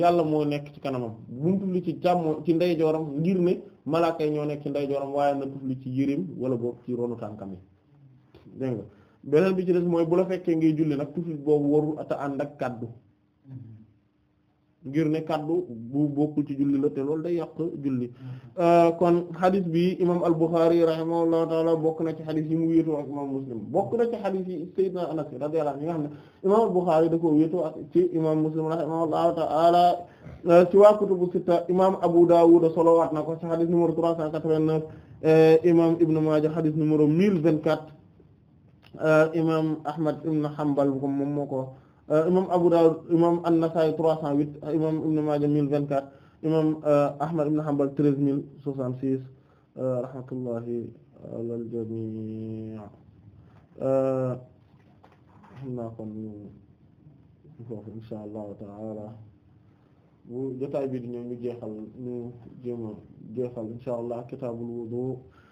yàlla moo nekk ci kanamam bu mu tufli ci càmmo ci ndeyjooram ngir ne malaaka ñoo nekk ci ndeyjooram waaye na tufli ci yéreem wala boog ci ronu tànkam yi beneen bi ci des mooy bu la fekkee ngay julli nag tuflit boobu warul ata ànd ak kaddu ngir ne kaddu bu bokkul ci julli la te loolu day yàq julli euh, kon xadis bi imam al-Bukhari rahimahullahu taala bokk na ci xadis yi mu wéetoo ak bokk na ci xadis yi sayyidina Anas radiyallahu anhu nga xam ne imam al-Bukhari da ko wéetoo ak ci imam Muslim rahimahullahu taala euh, ci waa kutubu sitta imam Abu Dawud solowaat na ko ci xadis numéro 389 euh, imam Ibn Maaja xadis numéro 1024 Euh, imam Ahmad ibn Hanbal moom moo ko euh, imam Abu Dawud imam An-Nasa'i 308 imam Ibn Maaja 1024 imam euh, Ahmad ibn Hanbal 13066 rahmatullahi alal jamii xam naa kon ñu foofu insha allahu taala bu jotaay bi di ñëw ñu jeexal ñu jéema jeexal insha allah kitaabul wudu